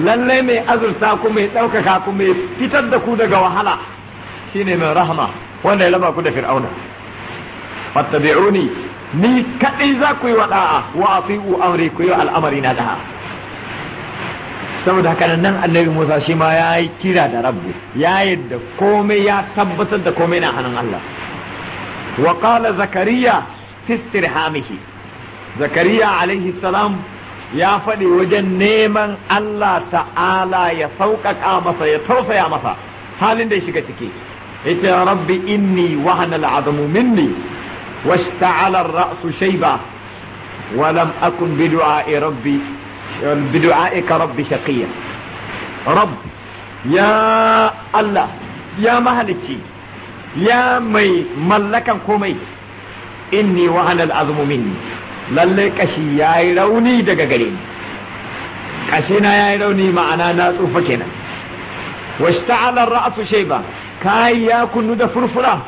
lalle mai azurta ku mai ɗaukaka ku mai fitar da ku daga wahala shine mai rahama wanda ya lama ku da fir'auna fattabi'uni ni kadai za ku yi wa da'a wa ati'u amri ku yi al'amari na da'a saboda haka nan annabi Musa shi ma ya yi kira da rabbi ya yadda komai ya tabbatar da komai na hannun Allah wa qala zakariya fi istirhamihi zakariya alaihi salam ya faɗi wajen neman Allah ta'ala ya sauƙaƙa masa ya tausaya masa halin da ya shiga ciki yace rabbi inni wahana al'adamu minni washta'ala ar ra'asu shayba wa lam akun bi du'a'i rabbi bi du'a'ika rabbi shaqiya rabb ya Allah ya mahalicci ya mai mallakan komai inni wahana al'adamu minni lalle kashi ya yi rauni daga gare ni kashi na ya yi rauni ma'ana na tsufa kenan wasu ta'alar ra'asu ba kayi ya kunu da furfura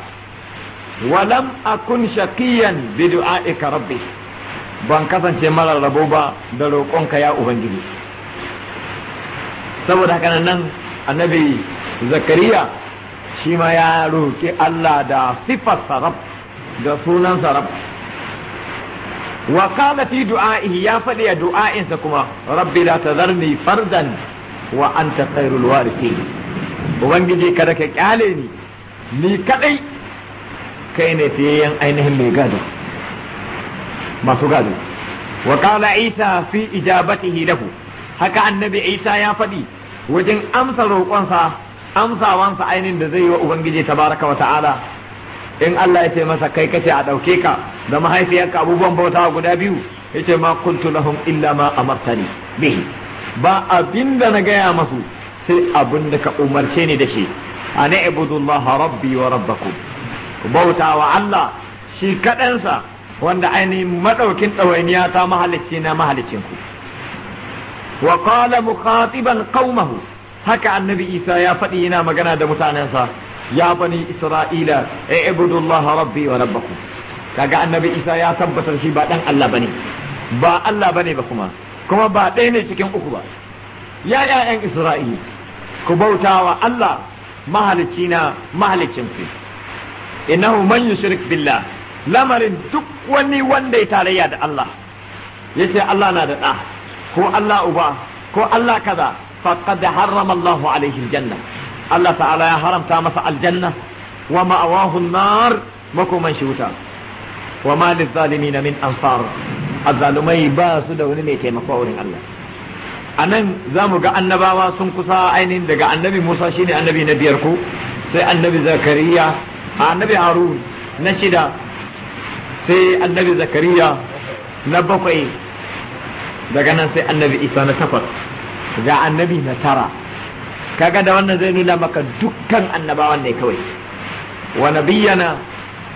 walam kun shakiyan bi du'a'ika rabbi ban kasance marar rabo ba da roƙonka ya ubangiji saboda haka nan annabi zakariya shi ma ya roƙi Allah da sifar sarab da sunan sarab wa qala fi du'a'ihi ya faɗi a du'a'insa kuma rabbi la tazarni fardan wa anta khairul warithin ubangiji kada ka kyale ni ni kadai kai ne fiyayyen ainihin mai gado masu gado wa isa fi ijabatihi lahu haka annabi isa ya faɗi wajen amsa roƙonsa amsawansa ainihin da zai yi wa ubangiji tabaraka wa ta'ala in Allah ya ce masa kai kace a ɗauke ka da mahaifiyarka abubuwan bauta guda biyu ya ce ma kuntu lahum illa ma amartani bihi ba abinda na gaya masu sai abin da ka umarce ni da shi A ana ibudullah rabbi wa rabbakum bauta wa Allah shi kaɗansa wanda ainihin maɗaukin ɗawainiya ta mahalicci na mahalicinku wa qala mukhatiban qaumahu haka annabi Isa ya faɗi yana magana da mutanensa ya bani isra'ila e, i'budullaha rabbi wa kaga annabi isa ya tabbatar shi ba ɗan Allah bane ba Allah bane ba kuma kuma ba ɗaya ne cikin uku ba ya ƴaƴan isra'ila ku bautawa Allah mahalicci na mahalicin ku innahu man yushrik billah lamarin duk wani wanda ya tarayya da Allah yace Allah na da ɗa ko Allah uba ko Allah kaza faqad da Allahu alaihi aljanna Allah ta'ala ya haramta masa aljanna wa ma'awahu nar makoman shi wuta wa ma lizzalimin min ansar azzalumai ba su da wani mai taimako wurin Allah anan zamu ga annabawa sun kusa ainihin daga annabi Musa shine annabi na biyar ko sai annabi Zakariya annabi Harun na shida sai annabi Zakariya na bakwai daga nan sai annabi Isa na takwas ga annabi na tara kaga da wannan zai nuna maka dukkan annabawan ne kawai wa nabiyyana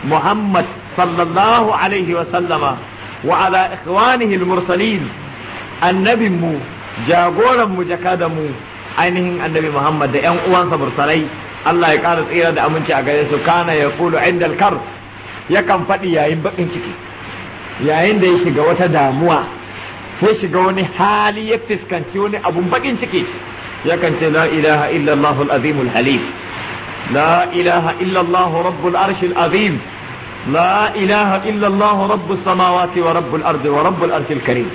muhammad sallallahu alaihi wa sallama wa ala ikhwanihi al-mursalin annabin mu jagoran mu jakadan mu ainihin annabi muhammad da yan uwansa mursalai Allah ya ƙara tsira da aminci a gare su kana ya kulu inda kar yakan faɗi yayin baƙin ciki yayin da ya shiga wata damuwa ya shiga wani hali ya fuskanci wani abun bakin ciki yakan ce la ilaha illallah al-azim al-halim la ilaha illallah rabb al arsh al-azim la ilaha illallah rabb as samawati wa rabb al-ard wa rabb al arsh al-karim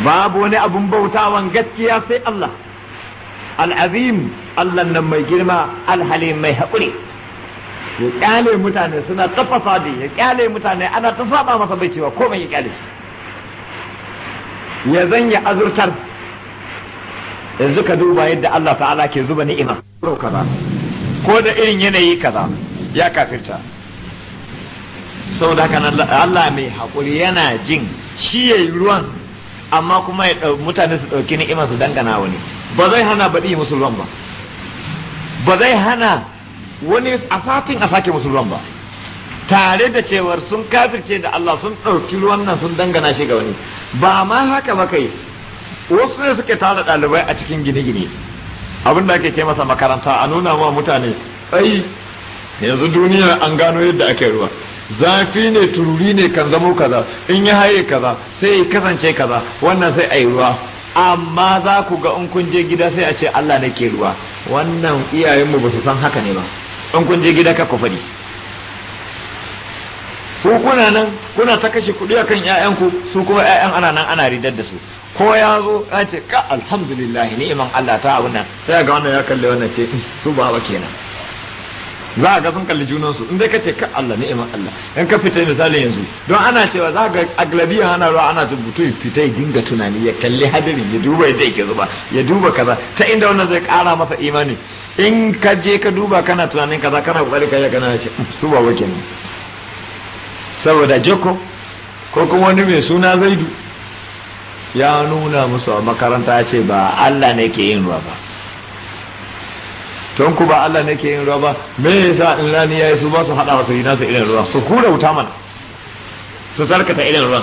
babu wani abun bautawan gaskiya sai Allah al-azim Allah nan mai girma al-halim mai hakuri ya kyale mutane suna tafafa da ya kyale mutane ana ta saba masa bai cewa komai ya kyale shi ya zanya azurtar yanzu ka duba yadda Allah ta'ala ke zuba ni'ima ko da irin yanayi kaza ya kafirta saboda haka Allah mai haƙuri yana jin shi ya yi ruwan amma kuma ya mutane su ɗauki ni'ima su dangana wani ba zai hana baɗi musulman ba ba zai hana wani a satin a sake musulman ba tare da cewar sun kafirce da Allah sun ɗauki ruwan nan sun dangana shi ga wani ba ma haka ba kai wasu ne suke tara ɗalibai a cikin gine-gine abin da ake ce masa makaranta a nuna wa mutane ai yanzu duniya an gano yadda ake ruwa zafi ne tururi ne kan zamo kaza in ya haye kaza sai ya kasance kaza wannan sai a ruwa amma za ku ga in kun je gida sai a ce Allah ne ke ruwa wannan iyayenmu ba su san haka ne ba in kun je gida ka ku faɗi ku kuna nan kuna ta kashe kuɗi akan 'ya'yanku su kuma 'ya'yan ana nan ana ridar da su ko ya zo ya ce ka alhamdulillah ni'iman Allah ta abu nan sai ga wannan ya kalli wannan ce su ba ba kenan za ga sun kalli junan su in ka kace ka Allah ni'iman Allah in ka fita misali yanzu don ana cewa za ga aglabiya ana ruwa ana rubutu fita dinga tunani ya kalli hadirin ya duba yadda yake zuba ya duba kaza ta inda wannan zai kara masa imani in ka je ka duba kana tunanin kaza kana kokari kai kana hmm, su ba ba kenan saboda joko ko kuma wani mai suna zaidu ya nuna musu a makaranta ce ba Allah ne ke yin ruwa ba tun ku ba Allah ne ke yin ruwa ba me yasa in rani yayi su ba su hada wasu yi nasu irin ruwa su kura wuta mana su tsarkata irin ruwan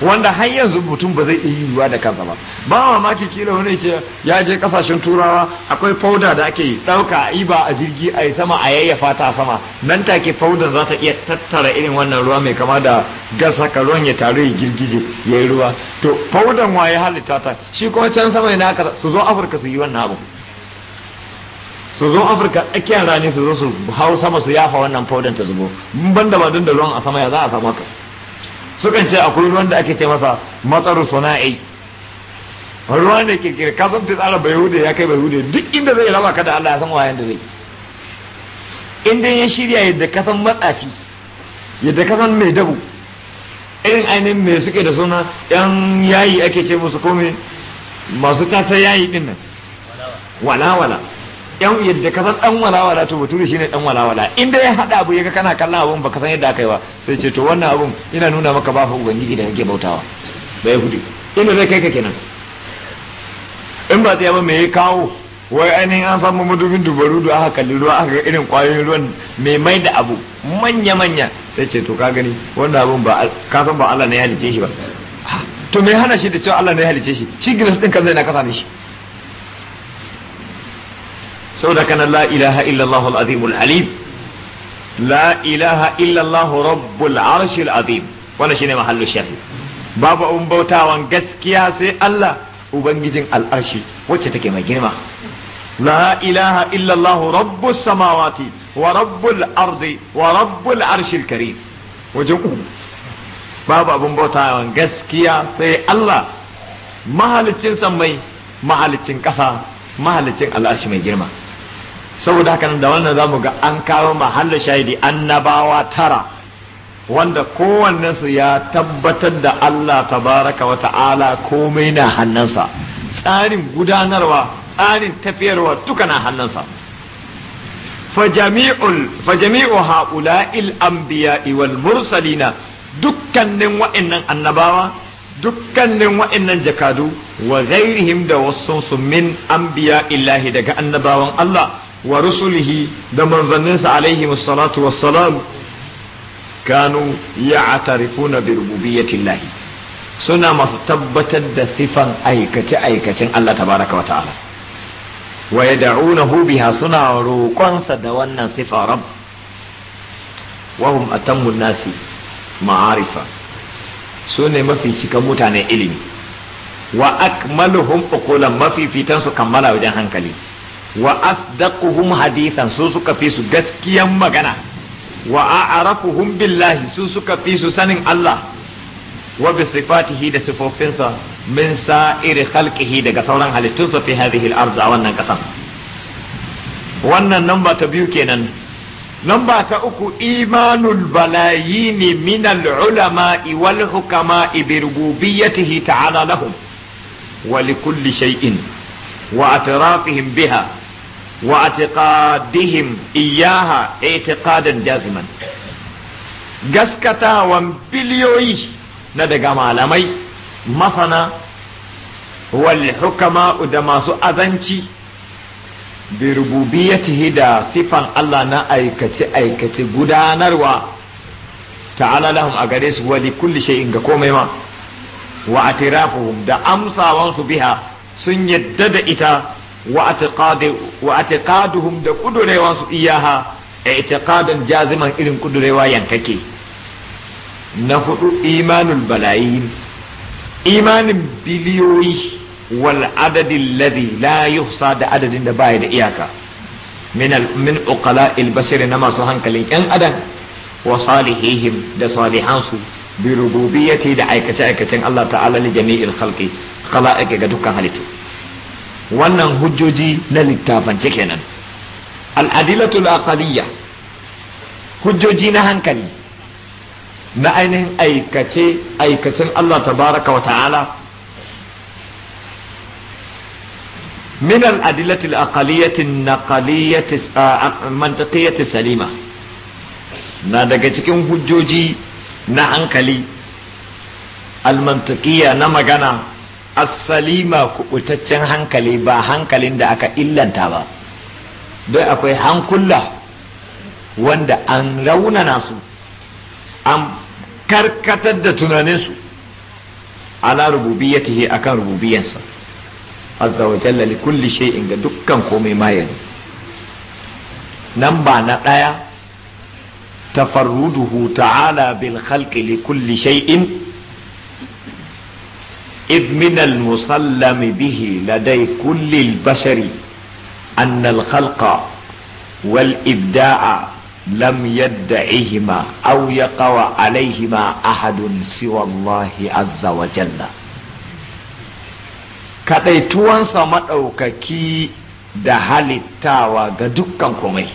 wanda har yanzu mutum ba zai iya ruwa da kansa ba ba mamaki kila wani ce ya je kasashen turawa akwai fauda da ake ɗauka a iba a jirgi a sama a yayyafa ta sama nan take fauda za ta iya tattara irin wannan ruwa mai kama da gas haka ruwan ya taru ya girgije ya yi ruwa to faudan ya halitta ta shi kuma can sama ne haka su zo afirka su yi wannan abu su zo afirka tsakiyar rani su zo su hau sama su yafa wannan faudan ta zubo ban da ba da ruwan a sama ya za a samu ka. sukan ce akwai ruwan da ake ce masa matsar suna'i ruwan da ke kirka sun fi tsara bayahude ya kai bayahude duk inda zai raba ka da Allah ya san wayan da zai inda ya shirya yadda kasan matsafi yadda kasan mai dabu irin ainihin mai suke da suna yan yayi ake ce musu komai masu tata yayi din nan wala wala yan yadda ka san dan walawala to bature shine dan walawala in dai hada abu yaga kana kallon abun baka san yadda kai ba sai ce to wannan abun ina nuna maka ba fa ubangiji da kake bautawa bai hudu inda zai kai ka kenan in ba tsaya ba me ya kawo wai ainihin an samu madubin dubaru da aka kalli ruwa aka ga irin kwayoyin ruwan mai mai da abu manya manya sai ce to ka gani wannan abun ba ka san ba Allah ne ya halice shi ba to me hana shi da cewa Allah ne ya halice shi shi su din kan zai na kasa mishi shi saboda kana la ilaha illallah al-azim al-alim la ilaha illallah rabbul arsh al-azim wannan shine mahallu shafi babu abun bautawan gaskiya sai Allah ubangijin al'arshi wacce take mai girma la ilaha illallah rabbus samawati wa rabbul ardi wa rabbul arshil karim wajen uku babu abun bautawan gaskiya sai Allah mahalicin sammai mahalicin ƙasa mahalicin al'arshi mai girma saboda haka nan da wannan za mu ga an kawo mahallin shahidi annabawa tara wanda kowannensu ya tabbatar da Allah tabaraka wa ta'ala komai na hannunsa tsarin gudanarwa tsarin tafiyarwa duka na hannunsa fajami'u ha'ula il'ambiya wal mursalina dukkanin wa'annan annabawa dukkanin wa'annan jakadu wa ghairihim da wasu min anbiya illahi daga annabawan Allah wa rusulihi da manzanninsa alaihi wassalatu wassalam kanu ya'tarifuna bi rububiyyatillah suna masu tabbatar da sifan aikace aikacen Allah tabaraka wa ta'ala wa yad'unahu suna roƙonsa da wannan sifa rabb wa hum atammu nasi ma'arifa mafi cikan mutanen ilimi wa akmaluhum uqulan mafi fitan su kammala wajen hankali wa asdaquhum hadithan su suka fi su gaskiyan magana wa a'rafuhum billahi su suka fi su sanin Allah wa bi sifatihi da sifofinsa min sa'iri khalqihi daga sauran halittunsa fi hadhihi al-ardh a wannan kasan wannan namba ta biyu kenan namba ta uku imanul balayini min al i wal hukama bi rububiyyatihi ta'ala lahum wa li kulli shay'in biha بها واعتقادهم إياها اعتقادا جازما gaskata wan biliyoyi na daga malamai masana wal hukama da masu azanci bi rububiyatihi da sifan Allah na aikace aikace gudanarwa ta'ala lahum a gare su wa li shay'in ga komai ma wa atirafuhum da amsawansu biha sun yadda da ita wa atiqaduhum da kudurewa su iyaha i'tiqadan jaziman irin kudurewa yankake na hudu imanul balayin imanin biliyoyi wal adadin ladhi la yuhsa da adadin da baya da iyaka min min uqala'il basir na masu hankalin yan adam wa salihihim da salihansu bi rububiyyati da aikace aikacen Allah ta'ala li jami'il khalqi ake ga dukkan halittu wannan hujjoji na littafance kenan al'adilatu al'aqaliyya hujjoji na hankali na ainihin aikace aikacen Allah tabaraka wa ta'ala من الأدلة الأقلية النقلية المنطقية السليمة na daga cikin hujjoji na hankali almantakiya na magana as-salima kubutaccen hankali ba hankalin da aka illanta ba don akwai hankula wanda an raunana su an karkatar da tunaninsu ala rububiyyatihi akan rububiyansa azza wa jalla li kulli shay'in ga dukkan komai ma yanzu nan ba na daya tafarruduhu ta'ala bil khalqi li kulli shay'in إذ من المسلم به لدي كل البشر أن ihima, والإبداع لم يدعهما أو يقع عليهما أحد سوى الله عز وجل kaɗaituwansa maɗaukaki da halittawa ga dukkan komai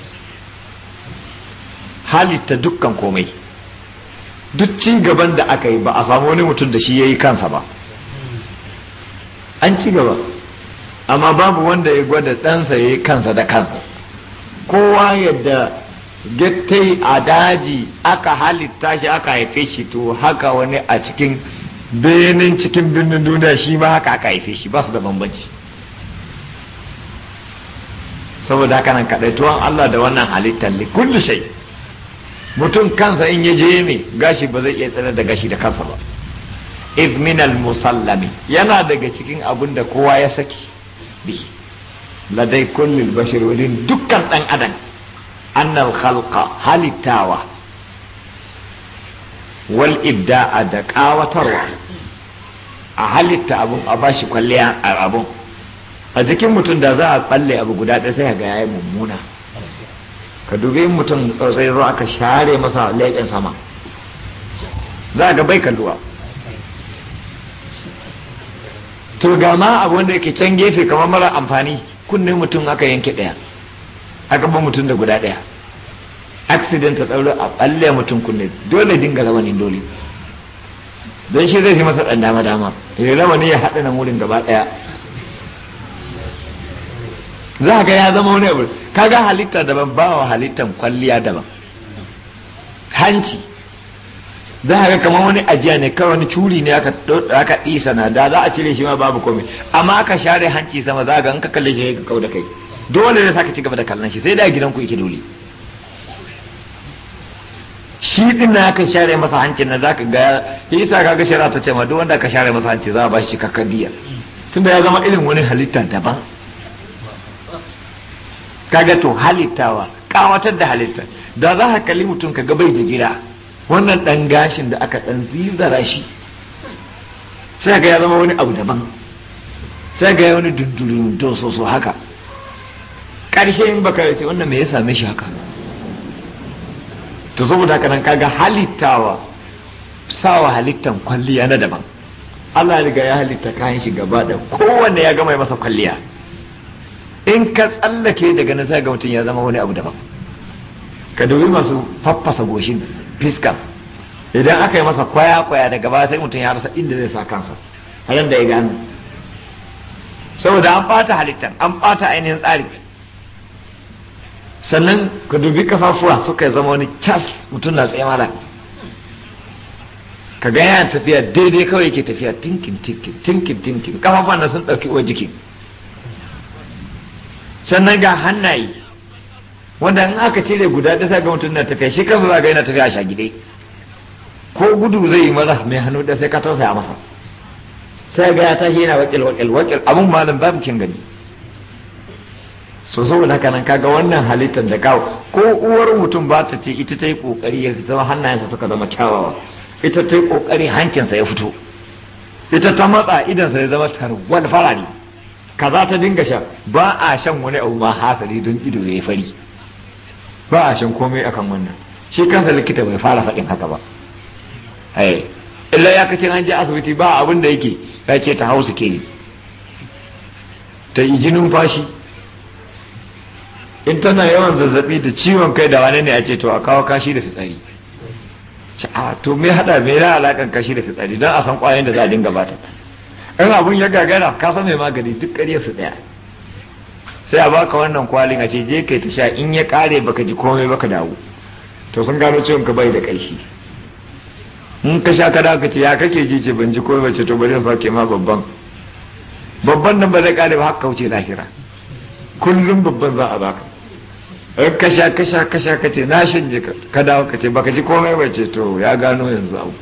halitta dukkan komai duk ci gaban da aka yi ba a samu wani mutum da shi ya yi kansa ba an ci gaba amma babu wanda ya gwada ɗansa ya yi kansa da kansa kowa yadda gittai a daji aka halitta shi aka haife shi to haka wani a cikin benin cikin birnin duniya shi ma haka aka haife shi ba su da bambanci saboda haka nan kaɗai tuwon Allah da wannan halittar ne kullu shai mutum kansa in ya je ne gashi ba zai iya tsanar da gashi da kansa ba iz minal musallami yana daga cikin abin da kowa ya saki bi ladai kullil bashir wurin dukkan dan adam annal khalqa halittawa wal ibda'a da kawatarwa a halitta abun a bashi kwalliya a abun a jikin mutum da za a balle abu guda ɗaya sai ga yayi mummuna ka dubi mutum sai zo aka share masa leƙen sama za ga bai kalluwa to ga ma abu wanda yake can gefe kamar mara amfani kunne mutum aka yanke ɗaya aka ba mutum da guda ɗaya accident ta a balle mutum kunne dole dinga rawanin dole don shi zai fi masa ɗan dama dama ya rawani ya hada na murin gaba ɗaya za ga ya zama wani abu kaga halitta daban ba wa halittan kwalliya daban hanci za a ga kamar wani ajiya ne kawai wani curi ne aka ɗisa na da za a cire shi ma babu komai amma aka share hanci sama za a ga in ka kalle shi ka kau da kai dole ne ka ci gaba da kallon shi sai da gidan ku yake dole shi din na aka share masa hancin na za ka ga isa ka ga shari'a ta ce ma duk wanda aka share masa hanci za a ba shi kakkabiya tunda ya zama irin wani halitta daban kaga to halittawa kawatar da halitta da za ka kalli mutum ka ga bai da gida wannan ɗan gashin da aka ɗan zizara shi sai ga ya zama wani abu daban sai ga ya wani dundurin dososo haka ƙarshe in baka ce wannan me ya same shi haka to saboda haka nan kaga halittawa sawa halittan kwalliya na daban Allah riga ya halitta kayan shi gaba da kowanne ya gama masa kwalliya in ka tsallake daga nan sai ga mutum ya zama wani abu daban ka dubi masu faffasa goshin fiska idan aka yi masa kwaya-kwaya daga baya sai mutum ya rasa inda zai sa kansa halin da ya gano saboda an bata halittar an bata ainihin tsari sannan ka dubi kafafuwa suka zama wani cas mutum na tsaye mala ka ga yana tafiya daidai kawai yake tafiya tinkin tinkin tinkin tinkin na sun ɗauki wa jiki sannan ga hannaye wanda in aka cire guda ɗaya ga mutum na tafiya shi kansa zaga yana tafiya a shagide ko gudu zai yi maza mai hannu da sai ka a masa sai ga ya tashi yana wakil wakil wakil abun malam babu kin gani so saboda haka nan kaga wannan halittar da kawo ko uwar mutum ba ta ce ita ta yi kokari ya zama hannayensa suka zama kyawawa ita ta yi kokari hancinsa ya fito ita ta matsa idansa ya zama tarwal farari kaza ta dinga sha ba a shan wani abu ma hasali don ido ya yi fari ba a shan komai akan wannan shi kansa likita bai fara faɗin haka ba ai eh, illa ya kace an je asibiti ba abin da yake ya ce ta hausa ke ta yi jinin fashi in tana yawan zazzabi da ciwon kai da wani ne a ce to a kawo kashi da fitsari a to me hada me ya alakan kashi da fitsari don a san kwayoyin da za a dinga bata in abun ya gagara ka san mai magani duk ƙaryar su ɗaya sai a baka wannan kwalin a ce je kai ta sha in ya kare baka ji komai baka dawo to sun gano ciwon ka bai da ƙarfi in ka sha ka dawo ce ya kake ji ce ban ji komai ba ce to bari sa ke ma babban babban nan ba zai kare ba haka wuce lahira kullum babban za a baka in ka sha ka sha ka sha ka ce na ji ka dawo ka ce baka ji komai ba ce to ya gano yanzu abu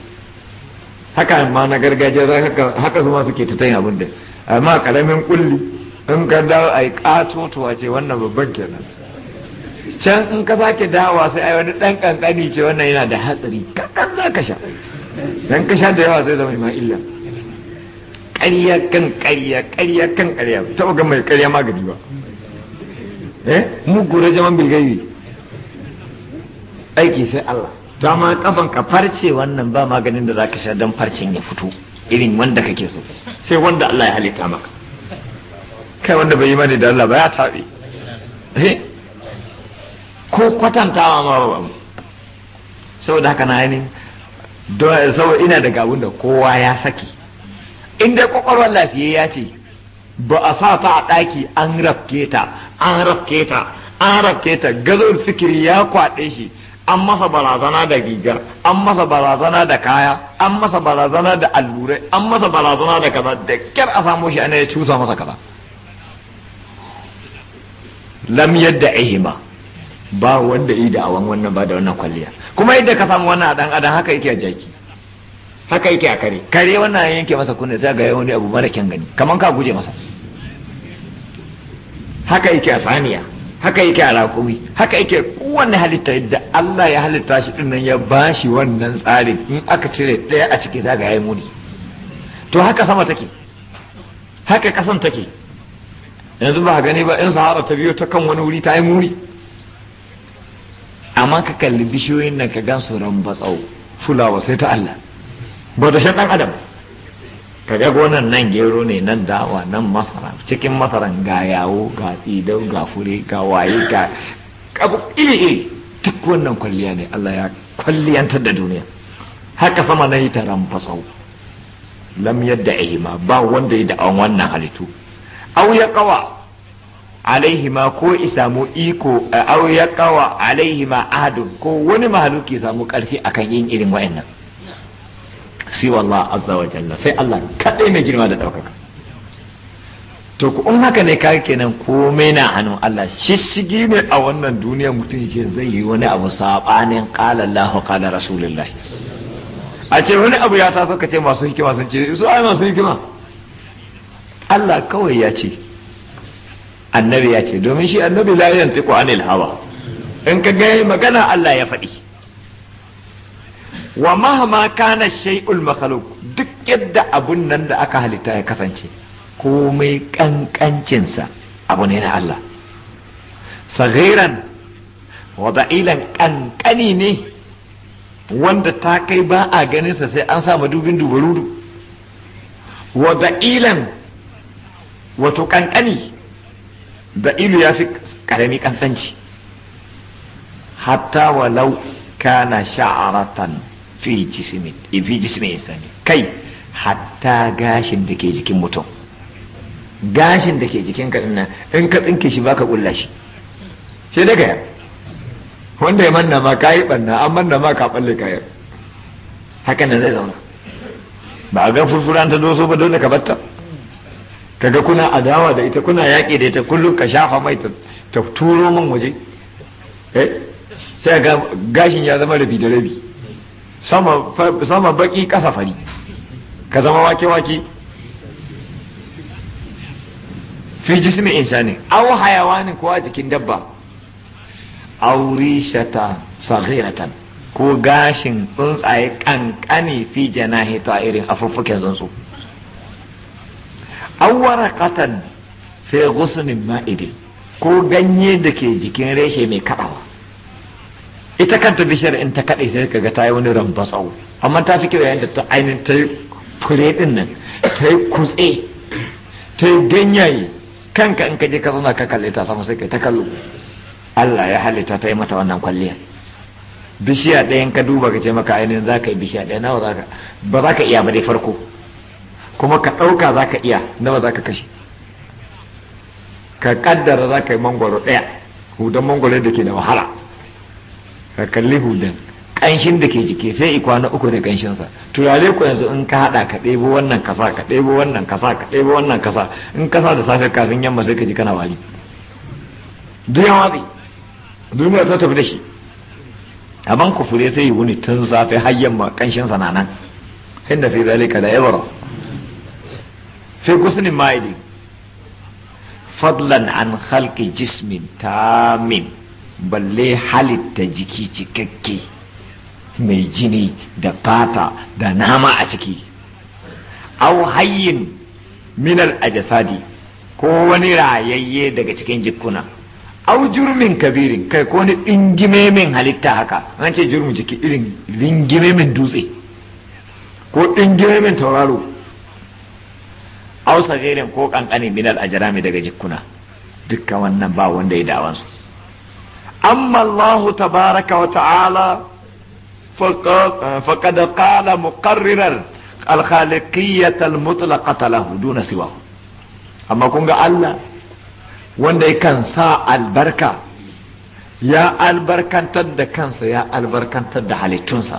haka ma na gargajiya haka su ma suke ta tayin abin da amma karamin kulli in ka dawo a yi ƙatotuwa ce wannan babban kenan can in ka sake dawa sai ai wani ɗan ƙanƙani ce wannan yana da hatsari kankan za ka sha dan ka sha da yawa sai zama ma illa ƙarya kan ƙarya ƙarya kan ƙarya taɓa ga mai ƙarya magani ba eh mu jaman aiki sai Allah to kafan ka farce wannan ba maganin da zaka sha don farcen ya fito irin wanda kake so sai wanda Allah ya halitta maka kai wanda bai yi mani da Allah ba ya taɓe eh? ko kwatantawa ma ba mu saboda haka na yi saboda ina da gabun da kowa ya saki inda kwakwalwar lafiya ya ce ba a sa ta a ɗaki an rafke ta an rafke ta an rafke ta gazon fikiri ya kwaɗe shi an masa barazana da riga an masa barazana da kaya an masa barazana da allurai an masa barazana da kaza da kyar a samu shi ana ya cusa masa kaza lam yadda ihima ba wanda yi da awan wannan ba da wannan kwalliya kuma yadda ka samu wannan dan adam haka yake a jaki haka yake a kare kare wannan yanke masa kunne sai ga wani abu mara kyan gani kaman ka guje masa haka yake a saniya haka yake a raƙumi haka yake kowanne halitta yadda Allah ya halitta shi din nan ya bashi wannan tsarin in aka cire daya a ciki za ga yayi muni to haka sama take haka kasan take yanzu ba gani ba in sahara ta biyo ta kan wani wuri ta yi muri amma ka kalli bishiyoyin nan ka gan su ran batsau fulawa sai ta Allah ba ta ɗan adam ka ga gonan nan gero ne nan dawa nan masara cikin masaran ga yawo ga tsidau ga fure ga waye ga abu ili ili duk wannan kwalliya ne Allah ya kwalliyantar da duniya haka sama na yi ta ran fasau lam yadda ma ba wanda ya da'awan wannan halittu aw ya kawa alaihima ko isamu iko eh, aw ya kawa alaihima ahadun ko wani mahaluki samu karfi akan yin irin wa'annan si wallah azza wa jalla sai Allah kadai mai girma da daukaka to ku in haka ne ka kenan komai na hannun Allah shishigi ne a wannan duniya mutum ce zai yi wani abu sabanin qala Allah qala rasulullahi a ce wani abu ya taso ka ce masu hikima sun ce su ai masu hikima Allah kawai ya ce annabi ya ce domin shi annabi la yantiqu anil hawa in ka ga magana Allah ya faɗi wa mahama kana shay'ul makhluq duk yadda abun nan da aka halitta ya kasance komai ƙanƙancinsa abu ne na Allah saghiran wa da'ilan kankani ne wanda ta kai ba a ganin sa sai an sa madubin dubarudu wa da'ilan wato kankani da ilu ya fi karami kankanci hatta walau kana sha'aratan fi jismi fi jismi insani kai hatta gashin da ke jikin mutum gashin da ke jikin ka dinnan in ka tsinke shi baka ƙulla shi sai daga ya wanda ya manna ma kayi banna an manna ma ka balle kayan hakan nan zai zauna ba a ga furfuran ta doso ba dole ka batta kaga kuna adawa da ita kuna yaƙi da ita kullum ka shafa mai ta turo man waje eh sai ga gashin ya zama rabi da rabi sama sama baki ƙasa fari ka zama wake wake fi jismin insani aw hayawanin kowa jikin dabba aurishata saghiratan ko gashin tsuntsaye kankani fi janahi ta irin afuffuken tsuntsu aw waraqatan fi ghusnin ma'idi ko ganye da ke jikin reshe mai kaɗawa ita kanta bishiyar in ta kaɗe ta kaga ta yi wani rambatsau amma ta fi kyau yayin da ta ainihin ta fure ɗin nan ta kutse ta yi ganyaye kanka in ka je ka zauna ka kalle ta sama sai kai ta kallo Allah ya halitta ta yi mata wannan kwalliya bishiya ɗayan ka duba ka ce maka ainihin za ka yi bishiya ɗaya nawa za ka ba za ka iya ba dai farko kuma ka ɗauka za ka iya nawa za ka kashe ka ƙaddara za ka yi mangwaro ɗaya hudan mangwaro da ke da wahala ka kalli hudan ƙanshin da ke jike sai i kwana uku da ƙanshinsa turare ku yanzu in ka haɗa ka ɗebo wannan kasa ka ɗebo wannan kasa ka ɗebo wannan kasa in kasa da safe kafin yamma sai ka ji kana wari duk watsi duniya ta tafi da shi abin kufure sai yi wuni tun safe har yamma ƙanshinsa na nan inda fi zalika da ibra fi gusnin fadlan an halki jismin min balle halitta jiki cikakke mai jini da fata da nama a ciki au hayyin a jasadi ko wani rayayye daga cikin jikuna au jurmin kabirin kai ko ni dingime min halitta haka an ce jurmin jiki irin dingime min dutse ko dingime min tauraro aw sagirin ko kankani min al ajrami daga jikkuna dukkan wannan ba wanda ya da'awan su amma Allah tabaraka wa ta'ala faqad qala muqarriran al khaliqiyyah al mutlaqata lahu duna amma kun ga Allah wanda yakan sa albarka ya albarkantar da kansa ya albarkantar da halittunsa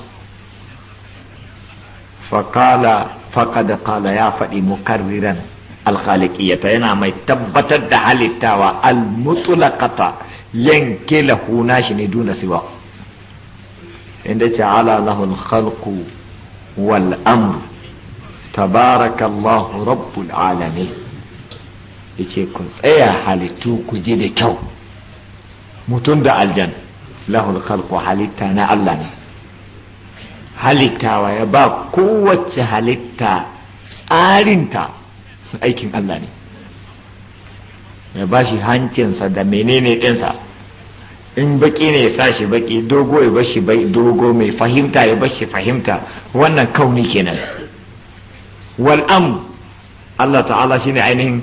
faƙala faƙada ƙala ya faɗi mukarriran alkhaliqiyata yana mai tabbatar da halittawa almutulakata yanke lahu shi ne duna siwa inda ce ala lahu alkhalqu wal amru tabarakallahu rabbul alamin yace ku tsaya halittu ku ji da kyau mutum da aljan lahu alkhalqu halitta na Allah ne halittawa ya ba kowace halitta tsarinta aikin Allah ne ya ba shi hancinsa da menene ɗinsa in baki ne ya sashi baki dogo ya bashi dogo mai fahimta ya bashi fahimta wannan kauni kenan wal'am Allah ta'ala shi ne ainihin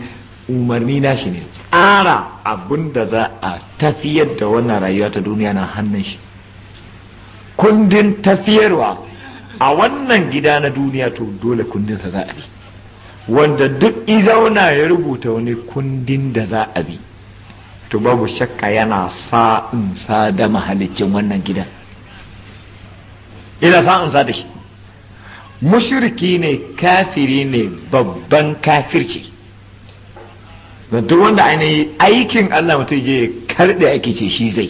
umarni na shi ne tsara abin da za a tafiyar da wannan rayuwa ta duniya na hannun shi kundin tafiyarwa a wannan gida na duniya to dole kundinsa za a bi wanda duk izauna ya rubuta wani kundin da za a bi to babu shakka yana sa'in sa da mahalicin wannan gida ina sa'in sa da shi mushriki ne kafiri ne babban kafirci duk wanda ainihin aikin Allah mutum je karɗe ake ce shi zai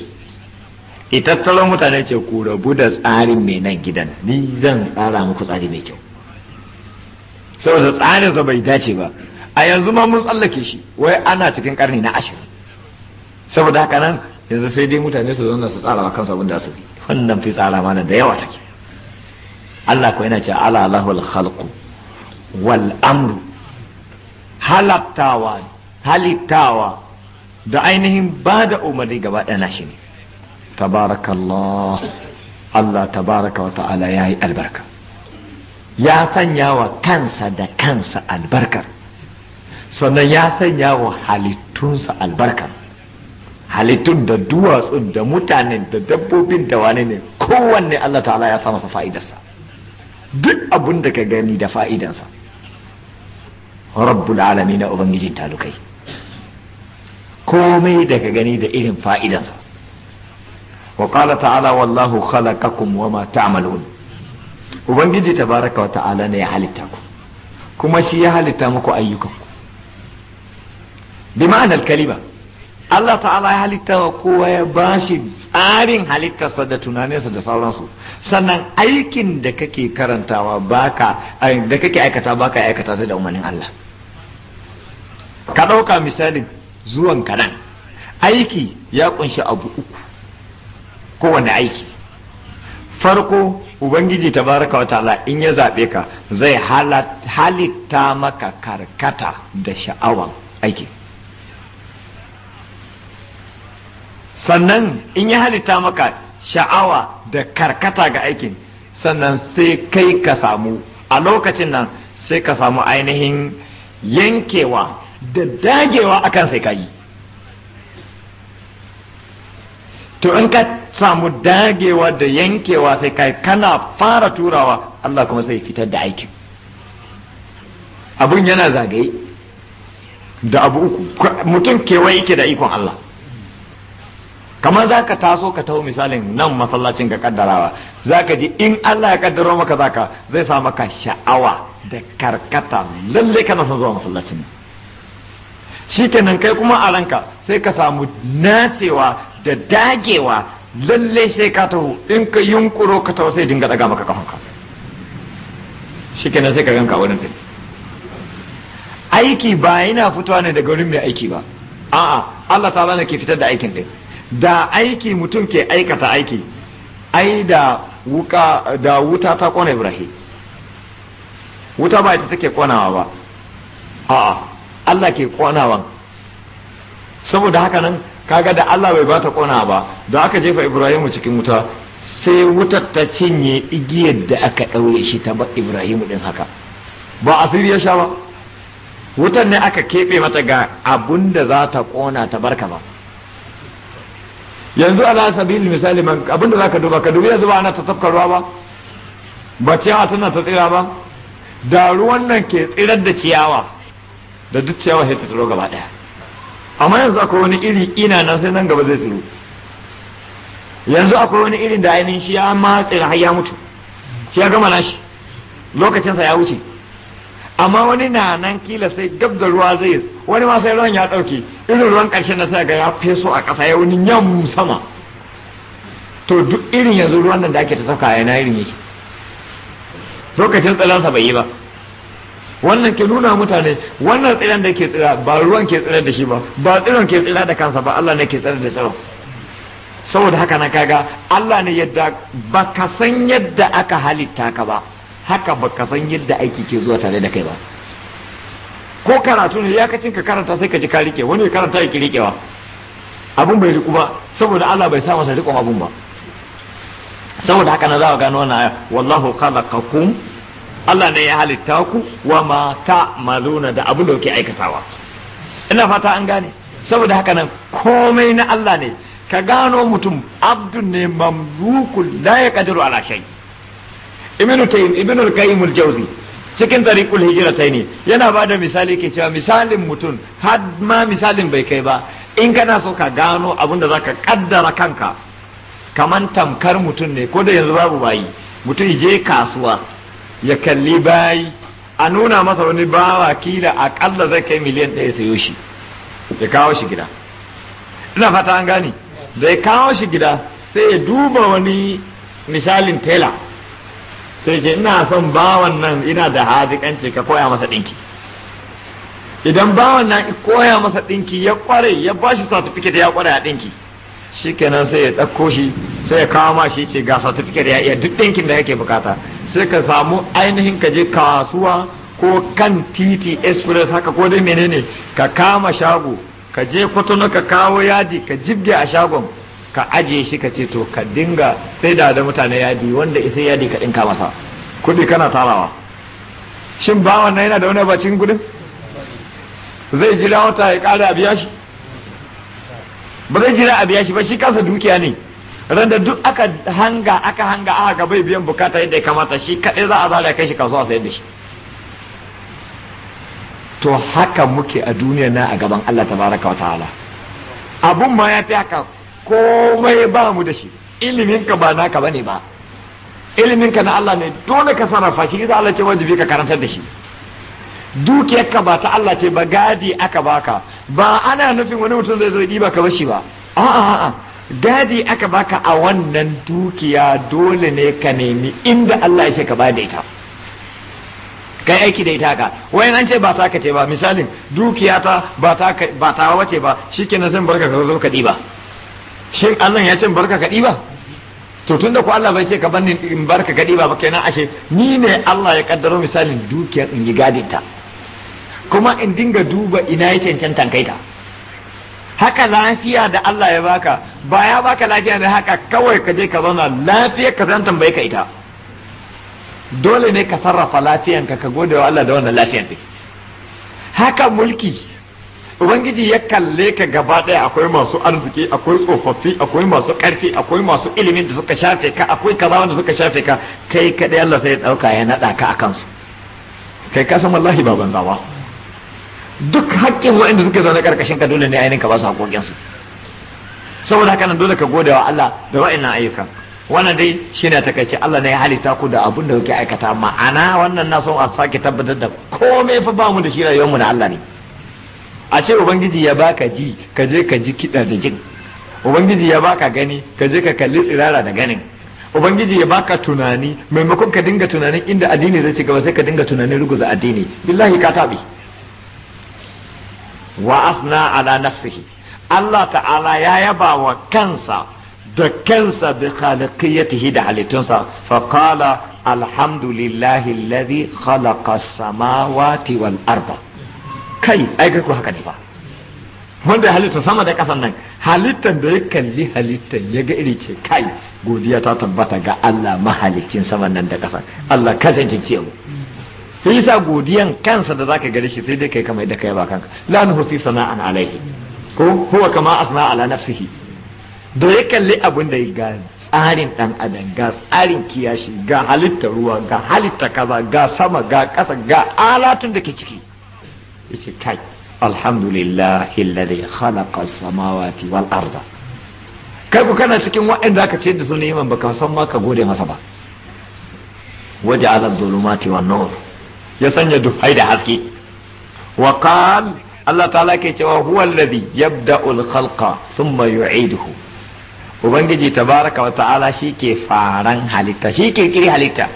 itattalo mutane ce ku rabu da tsarin mai nan gidan ni zan tsara muku tsari mai kyau saboda tsarin sa bai dace ba a yanzu ma mun tsallake shi wai ana cikin karni na ashirin saboda haka nan yanzu sai dai mutane su zauna su tsara kan kansu abin da su wannan fi tsara mana da yawa take Allah ko yana cewa ala lahul khalqu wal amru halattawa halittawa da ainihin bada da umarni gaba ɗaya na shi ne tabarakallah Allah tabaraka wa ta'ala ya yi albarka ya sanya wa kansa da kansa albarkar sannan ya sanya wa halittunsa albarkar halittun da duwatsun da mutanen da dabbobin da wani ne kowanne Allah ta'ala ya sa masa fa'idarsa duk abin da ka gani da fa'idansa rabbul alami na ubangijin talukai komai da ka gani da irin fa'idansa وقال تعالى والله خلقكم وما تعملون ubangiji tabaraka wa ta'ala ne ya halitta ku kuma shi ya halitta muku ayyukan ku bi ma'anar kalima Allah ta'ala ya halitta wa kowa ya bashi tsarin halittarsa da tunaninsa da sauransu sannan aikin da kake karantawa baka da kake aikata baka aikata sai da umarnin Allah ka ɗauka misalin zuwan kanan aiki ya kunshi abu uku kowane aiki farko ubangiji tabaraka wa ta'ala in ya zaɓe ka zai halitta maka karkata da sha'awan aiki sannan in ya halitta maka sha'awa da karkata ga aikin sannan sai kai ka samu a lokacin nan sai ka samu ainihin yankewa da dagewa akan sai ka yi to in ka samu dagewa da yankewa sai kai kana fara turawa Allah kuma sai fitar da aikin abun yana zagaye da abu uku mutum kewaye yake da ikon Allah kamar za ka taso ka taho misalin nan masallacin ka kaddarawa za ka ji in Allah ya kaddaro maka zaka zai sa maka sha'awa da karkata lalle kana son zuwa masallacin shi kenan kai kuma a ranka sai ka samu nacewa da dagewa lalle sai ka taho in ka yunkuro ka taho sai dinga daga maka kafanka shi kenan sai ka ganka wurin din aiki ba yana fitowa ne daga wurin mai aiki ba a'a Allah ta zana ke fitar da aikin din da aiki mutum ke aikata aiki ai da wuka da wuta ta kona ibrahim wuta ba ita take konawa ba a'a Allah ke konawan saboda haka nan kaga da Allah bai bata kona ba don aka jefa Ibrahimu cikin wuta sai wutar ta cinye igiyar da aka ɗaure shi ta ba Ibrahimu din haka ba asiri ya sha ba wutar ne aka keɓe mata ga abun da za ta kona ta barka ba yanzu ala sabil misali man abin da zaka duba ka dubi yanzu ba ana ta tafka ruwa ba ba ciyawa tana ta tsira ba da ruwan nan ke tsirar da ciyawa da duk ciyawa sai ta tsiro gaba daya amma yanzu akwai wani iri ina nan sai nan gaba zai tsiro yanzu akwai wani irin da ainihin shi ya matse har ya mutu shi ya gama nashi lokacinsa ya wuce amma wani na nan kila sai gab da ruwa zai wani ma sai ruwan ya ɗauke irin ruwan ƙarshe na sai ga ya feso a ƙasa ya wani yam sama to duk irin yanzu ruwan nan da ake ta ya na irin yake lokacin tsalansa bai yi ba wannan ke nuna mutane wannan tsiran da ke tsira ba ruwan ke tsira da shi ba ba tsiran ke tsira da kansa ba Allah ne ke tsira da tsiran saboda haka na kaga Allah ne yadda ba ka san yadda aka halitta ka ba haka ba ka san yadda aiki ke zuwa tare da kai ba ko karatu ne ya ka karanta sai ka ji ka rike wani karanta ya ki rikewa abun bai riku ba saboda Allah bai sa masa rikon abun ba saboda haka na za gano na wallahu khalaqakum Allah ne ya halitta ku wa ma maluna da abin da kuke aikatawa ina fata an gane saboda haka nan komai na Allah ne ka gano mutum abdun ne mamluku la ya kadiru ala shay ibnu tayyib ibnu al-qayyim al-jawzi cikin tariqul hijrataini yana bada misali ke cewa misalin mutum har ma misalin bai kai ba in kana so ka gano abin da zaka kaddara kanka kaman tamkar mutum ne ko da yanzu babu bayi mutum je kasuwa ya kalli bayi a nuna masa wani bawa kila akalla zai kai miliyan ɗaya sayo shi ya kawo shi gida ina fata an gani. da ya kawo shi gida sai ya duba wani misalin tela sai ce ina son bawan nan ina da haziƙanci ka koya masa ɗinki idan bawan nan koya masa ɗinki ya kware ya bashi certificate ya kware a ɗinki shikenan sai ya ɗauko shi sai ya kawo ma shi ce ga certificate ya iya duk ɗinkin da yake bukata sai ka samu ainihin ka je kasuwa ko kan titi express haka ko dai menene ka kama shago ka je kwatano ka kawo yadi ka jibge a shagon ka ajiye shi ka ce to ka dinga sai da da mutane yadi wanda isa yadi ka ɗinka masa kuɗi kana tarawa shin bawan na yana da wani bacin gudun zai jira wata ya ƙara a biya shi ba zai jira a biya shi ba shi kansa dukiya ne randa duk aka hanga aka hanga aka ga bai biyan bukata yadda ya kamata shi kaɗai za a zara kai shi kasuwa sayar da shi to haka muke a duniya na a gaban Allah tabaraka wa ta'ala abun ma ya fi haka komai ba mu da shi ka ba naka bane ba ilimin ka na Allah ne dole ka sarrafa shi idan Allah ce wajibi ka karantar da shi dukiyarka ba ta Allah ce ba gadi aka baka ba ana nufin wani mutum zai zo ba ka bashi ba a a'a gadi aka baka a wannan dukiya dole ne ka nemi inda Allah ya ce ka ba da ita kai aiki da ita ka wayan an ce ba ta ka ce ba misalin dukiya ta ba ta ba ta wace ba shikenan zan barka ka zo ka diba shin Allah ya ce barka ka diba to tunda ko Allah bai ce ka banni in barka ka diba ba kenan ashe ni ne Allah ya kaddaro misalin dukiyar in yi gadin ta kuma in dinga duba ina ya cancanta kai ta haka lafiya da Allah ya baka ba ya baka lafiya da haka kawai ka je ka zauna lafiya ka zan tambaye ka ita dole ne ka sarrafa lafiyanka ka gode wa Allah da wannan lafiyan din haka mulki ubangiji ya kalle ka gaba ɗaya akwai masu arziki akwai tsofaffi akwai masu ƙarfi akwai masu ilimin da suka shafe ka akwai kaza wanda suka shafe ka kai kaɗai Allah sai ya ɗauka ya naɗa ka a kansu kai ka san wallahi ba banzawa duk haƙƙin waɗanda suke zaune ƙarƙashin ka dole ne ainihin ka ba su haƙoƙinsu saboda haka nan dole ka gode wa Allah da wa'annan ayyukan wannan dai shine ce, Allah ne ya halitta ku da abun da kuke aikata ma'ana wannan na son a sake tabbatar da komai fa ba mu da shi rayuwar mu da Allah ne a ce ubangiji ya baka ji ka je ka ji kiɗa da jin ubangiji ya baka gani ka je ka kalli tsirara da ganin ubangiji ya baka tunani maimakon ka dinga tunanin inda addini zai ci gaba sai ka dinga tunanin ruguza addini billahi ka tabi wa asna ala nafsihi Allah ta'ala ya yaba wa kansa da kansa bi khaliqiyatihi da halittunsa fa qala alhamdulillahi alladhi khalaqa samawati wal arda kai ai ga ku haka ne fa wanda halitta sama da kasan nan halittar da ya kalli halittar ya ga iri ce kai godiya ta tabbata ga Allah mahalicin saman nan da kasan Allah kasance ce mu sai yasa godiyan kansa da zaka gare shi sai dai kai kamar da kai ba kanka la fi sana'an alaihi ko huwa kama asna ala nafsihi da ya kalli abin da ya tsarin dan adam ga tsarin kiyashi ga halitta ruwa ga halitta kaza ga sama ga kasa ga alatun da ke ciki yace kai alhamdulillahi alladhi khalaqa as-samawati wal arda kai ku kana cikin waɗanda aka ce da su iman baka san ma ka gode masa ba waje ala zulumati wan nur ya sanya duhai da haske wa qal Allah ta'ala ke cewa huwa alladhi yabda'ul khalqa thumma yu'iduhu ubangiji tabaraka wa ta'ala ke faran halitta shi ke kiri halitta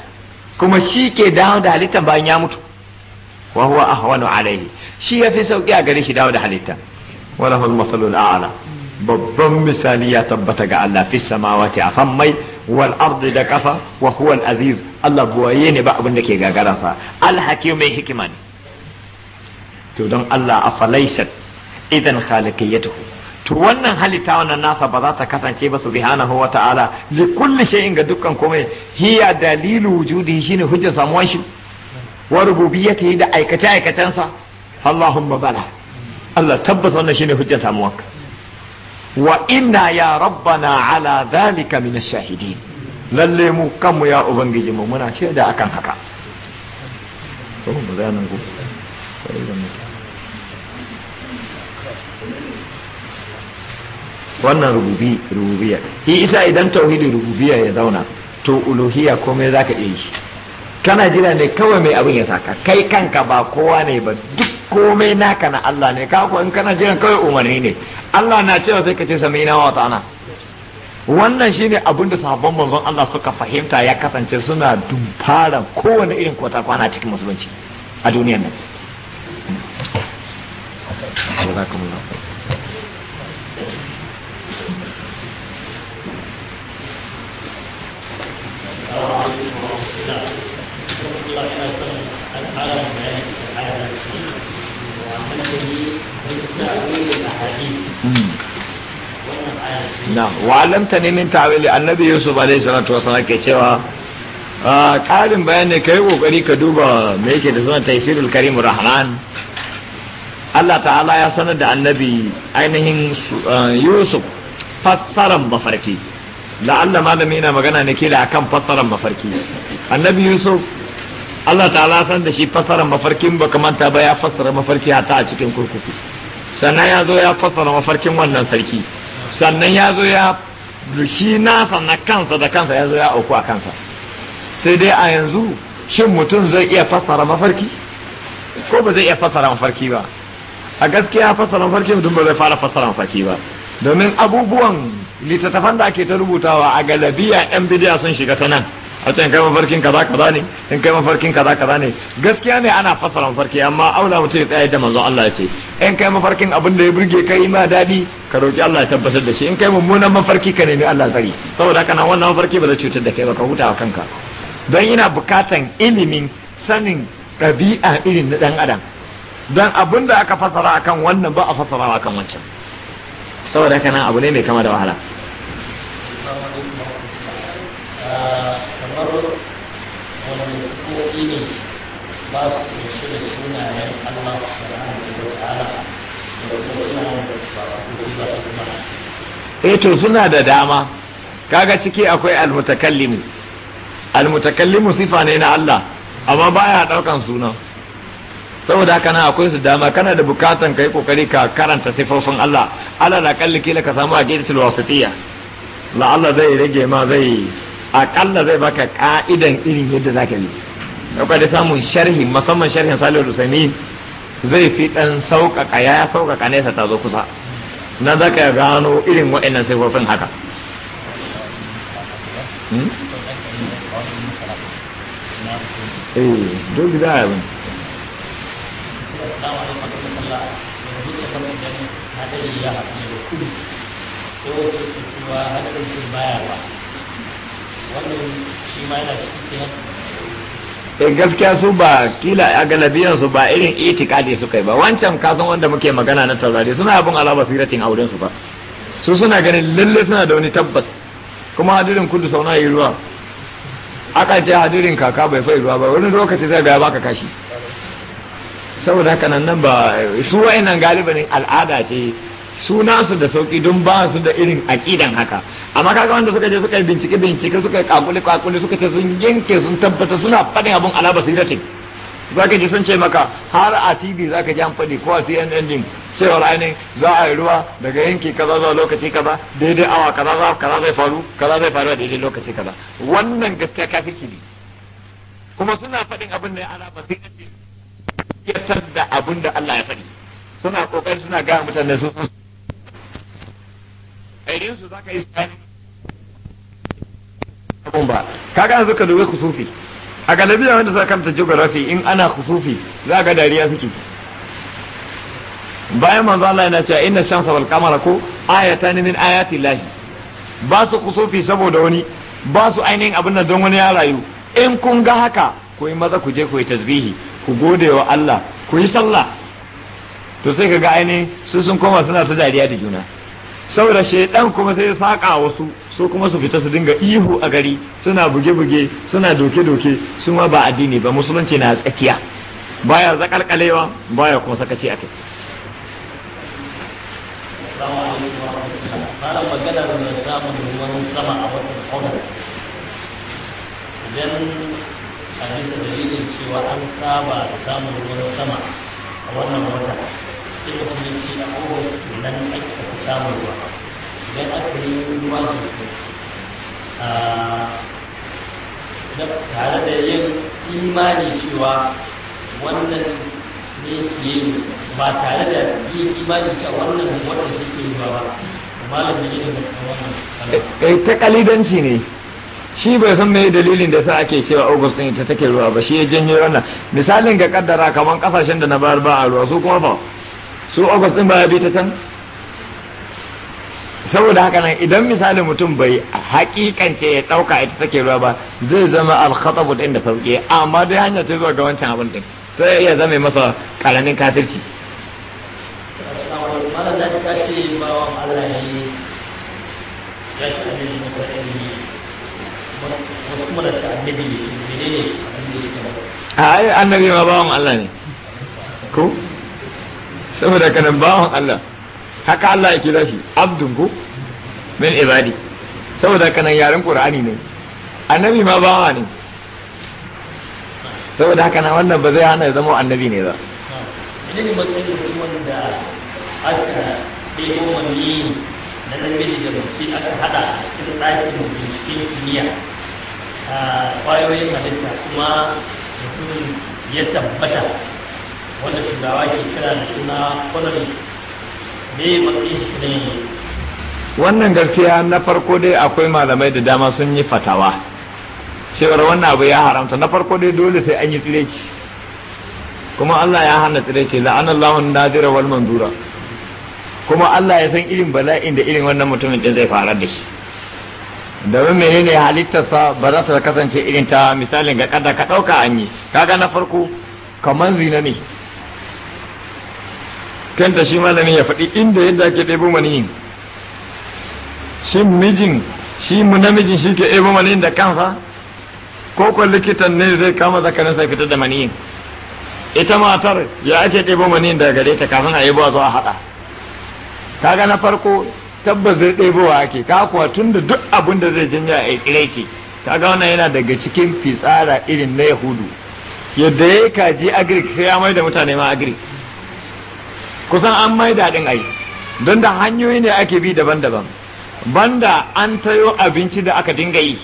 kuma shike dawo da halitta bayan ya mutu wa huwa ahwanu alayhi shi yafi sauki a gare shi dawo da halitta wa lahul masalul a'la babban misali ya tabbata ga Allah fi samawati a mai wal ardi da ƙasa wa huwa aziz Allah buwaye ne ba abin da ke gagaransa al hakim mai hikima ne to don Allah a falaisat idan khaliqiyatuhu to wannan halitta wannan nasa ba za ta kasance ba subhanahu wa ta'ala li kulli shay'in ga dukkan komai hiya dalilu wujudi shine hujjar samuwan shi wa yi da aikace aikacensa Allahumma bala Allah tabbas wannan shine hujjar samuwan. wa inna ya rabbana ala zalika min shahidi lalle mu kanmu ya ubangiji mu muna shaida akan haka wannan rububi rububiya shi isa idan tauhidi rububiya ya zauna to uluhiya komai zaka iya yi kana jira ne kawai mai abin ya saka kai kanka ba kowa ne ba duk komai naka na Allah ne ka in kana jiran kawai umarni ne Allah na cewa sai ka ce sami'na wa ana. wannan shine abin da sahabban manzon Allah suka fahimta ya kasance suna dumfara kowane irin kwata kwana cikin musulunci a duniyar nan Thank Mm. na wa'alamta ne min ta'awili annabi yusuf alaihi salatu wasallam ke cewa a ah, ƙarin ne ka yi ƙoƙari ka duba me yake da suna taisirul karim rahman Allah ta'ala ya sanar da annabi ainihin ah, yusuf fassaran mafarki la'alla malami yana magana ne ke da akan fassaran mafarki annabi yusuf Allah ta'ala san da shi fasara mafarkin ba kamanta ba ya fasara mafarki ta a cikin kurkuku sannan ya zo ya fasara mafarkin wannan sarki sannan ya zo ya shi nasa na kansa da kansa ya zo ya auku a kansa sai dai a yanzu shin mutum zai iya fasara mafarki ko ba zai iya fasara mafarki ba a gaskiya fasara mafarki mutum ba zai fara fasara mafarki ba domin abubuwan littattafan da ake ta rubutawa a galabiya yan bidiya sun shiga ta nan a can kai mafarkin kaza kaza ne in kai mafarkin kaza kaza ne gaskiya ne ana fasara mafarki amma aula mutum ya tsaya da manzo Allah ya ce in kai mafarkin abin da ya burge kai ma dadi ka roki Allah ya tabbatar da shi in kai mummunan mafarki ka nemi Allah tsari saboda haka wannan mafarki ba zai cutar da kai ba ka huta kanka don ina bukatan ilimin sanin ɗabi'a irin na ɗan adam don abin da aka fasara akan wannan ba a fasara akan wancan saboda haka abu ne mai kama da wahala E, ne ba su da da eh to suna da dama kaga ciki akwai almutakallimu almutakallimu sifa ne na Allah amma ba ya ɗaukan suna saboda haka nan akwai su dama kana da bukatan kai kokari ka karanta sifofin Allah Allah na kalli kila ka samu a gidan wasitiyya la Allah zai rage ma zai aƙalla zai baka ka'idan irin yadda zaka bi da samun sharhi musamman sharhin salih rusaimin zai fi ɗan sauƙaƙa ya sauƙaƙa nesa ta zo kusa nan zaka ka gano irin waɗannan siffofin haka hmm? eh, duk da yanzu sai wasu cewa hadarin baya ba e gaskiya su ba kila a galabiyan su ba irin itikadi suka yi ba wancan kasan wanda muke magana na taurari suna abin alaba siratin auren su ba su suna ganin lalle suna da wani tabbas kuma hadirin kudu sau na yi ruwa aka ce hadirin kaka bai fai ruwa ba wani lokaci zai ga baka kashi saboda haka nan ba su wa'annan galiba ne al'ada ce suna su da sauki don ba su da irin aƙidan haka amma kaga wanda suka je suka yi bincike bincike suka yi kakuli kakuli suka ce sun yanke sun tabbata suna faɗin abun ala Za zaka ji sun ce maka har a TV zaka ji an faɗi ko a CNN din cewa ainihin za a yi ruwa daga yanki kaza zuwa lokaci kaza daidai awa kaza za kaza zai faru kaza zai faru a daidai lokaci kaza wannan gaskiya kafirci ne kuma suna faɗin abin da ya ala basiratin ya da abin da Allah ya faɗi suna kokari suna gaya mutane su ɗarin su zaka yi ba ka kusufi a galibiya wanda suka kanta geography in ana kusufi za ga dariya suke bayan manzo Allah yana cewa inna shamsa wal qamara ko ayatan min ayati llahi ba su kusufi saboda wani ba su ainihin abin da don wani ya rayu in kun ga haka ku yi maza ku je ku yi tasbihi ku gode wa Allah ku yi sallah to sai ka ga ainihin su sun koma suna ta dariya da juna saboda shaidan kuma sai saka wasu su kuma su fita su dinga ihu a gari suna buge-buge suna doke-doke su ma ba addini ba musulunci na tsakiya baya zakalkalewa baya kuma sakaci a kai malam da samun ruwan sama a idan bisa dalilin cewa an saba da samun ruwan sama a wannan wata sai da kuma ce a kowace nan ake tafi samun ruwa idan aka yi ruwa sosai tare da yin imani cewa wannan ne ke ba tare da yin imani cewa wannan wata shi ke ruwa ba malami ne da wannan ta kalidanci ne shi bai san mai dalilin da sa ake cewa august din ita take ruwa ba shi ya janyo wannan misalin ga kaddara kamar kasashen da na bayar ba a ruwa su kuma ba su ofis ɗin ba ya bi ta can saboda haka nan idan misali mutum bai hakikance ya ɗauka ita take ruwa ba zai zama al-khatabu ɗin da sauƙi amma dai hanya ce zuwa ga wancan abin ɗin sai ya zama masa ƙaramin kafirci a annabi ma bawan Allah ne ko saboda kanan bawan Allah haka Allah ya kira shi abdun ko min ibadi saboda kanan yaren qur'ani ne annabi ma bawa ne saboda haka na wannan ba zai hana ya zama annabi ne ba idan ne matsayin mutumin da aka ɗebo manni na namiji da mace aka hada cikin tsarin binciken kimiyya kwayoyin halitta kuma mutum ya tabbata wanda turawa ke kira da suna ne matsayin shi ne wannan gaskiya na farko dai akwai malamai da dama sun yi fatawa cewar wannan abu ya haramta na farko dai dole sai an yi tsireci kuma Allah ya hana tsireci lahun nadira wal manzura kuma Allah ya san irin bala'in da irin wannan mutumin din zai fara da shi domin menene halittarsa ba za ta kasance irin ta misalin ga kada ka ɗauka an yi kaga na farko kamar zina ne kanta shi malamin ya faɗi inda yadda ake ɗebo maniyin shi mijin shi namijin shi ke ɗebo maniyin da kansa ko ko likitan ne zai kama zakarin sai fitar da maniyin ita matar ya ake ɗebo maniyin daga gare ta kafin a yabo zuwa haɗa kaga na farko tabbas zai ɗebowa ake ka kuwa tun da duk abin da zai jinya a tsiraici kaga wannan yana daga cikin fitsara irin na yahudu yadda ya kaji agrik sai ya mai da mutane ma agrik kusan an maida din ai don da hanyoyi ne ake bi daban-daban banda an tayo abinci da aka dinga yi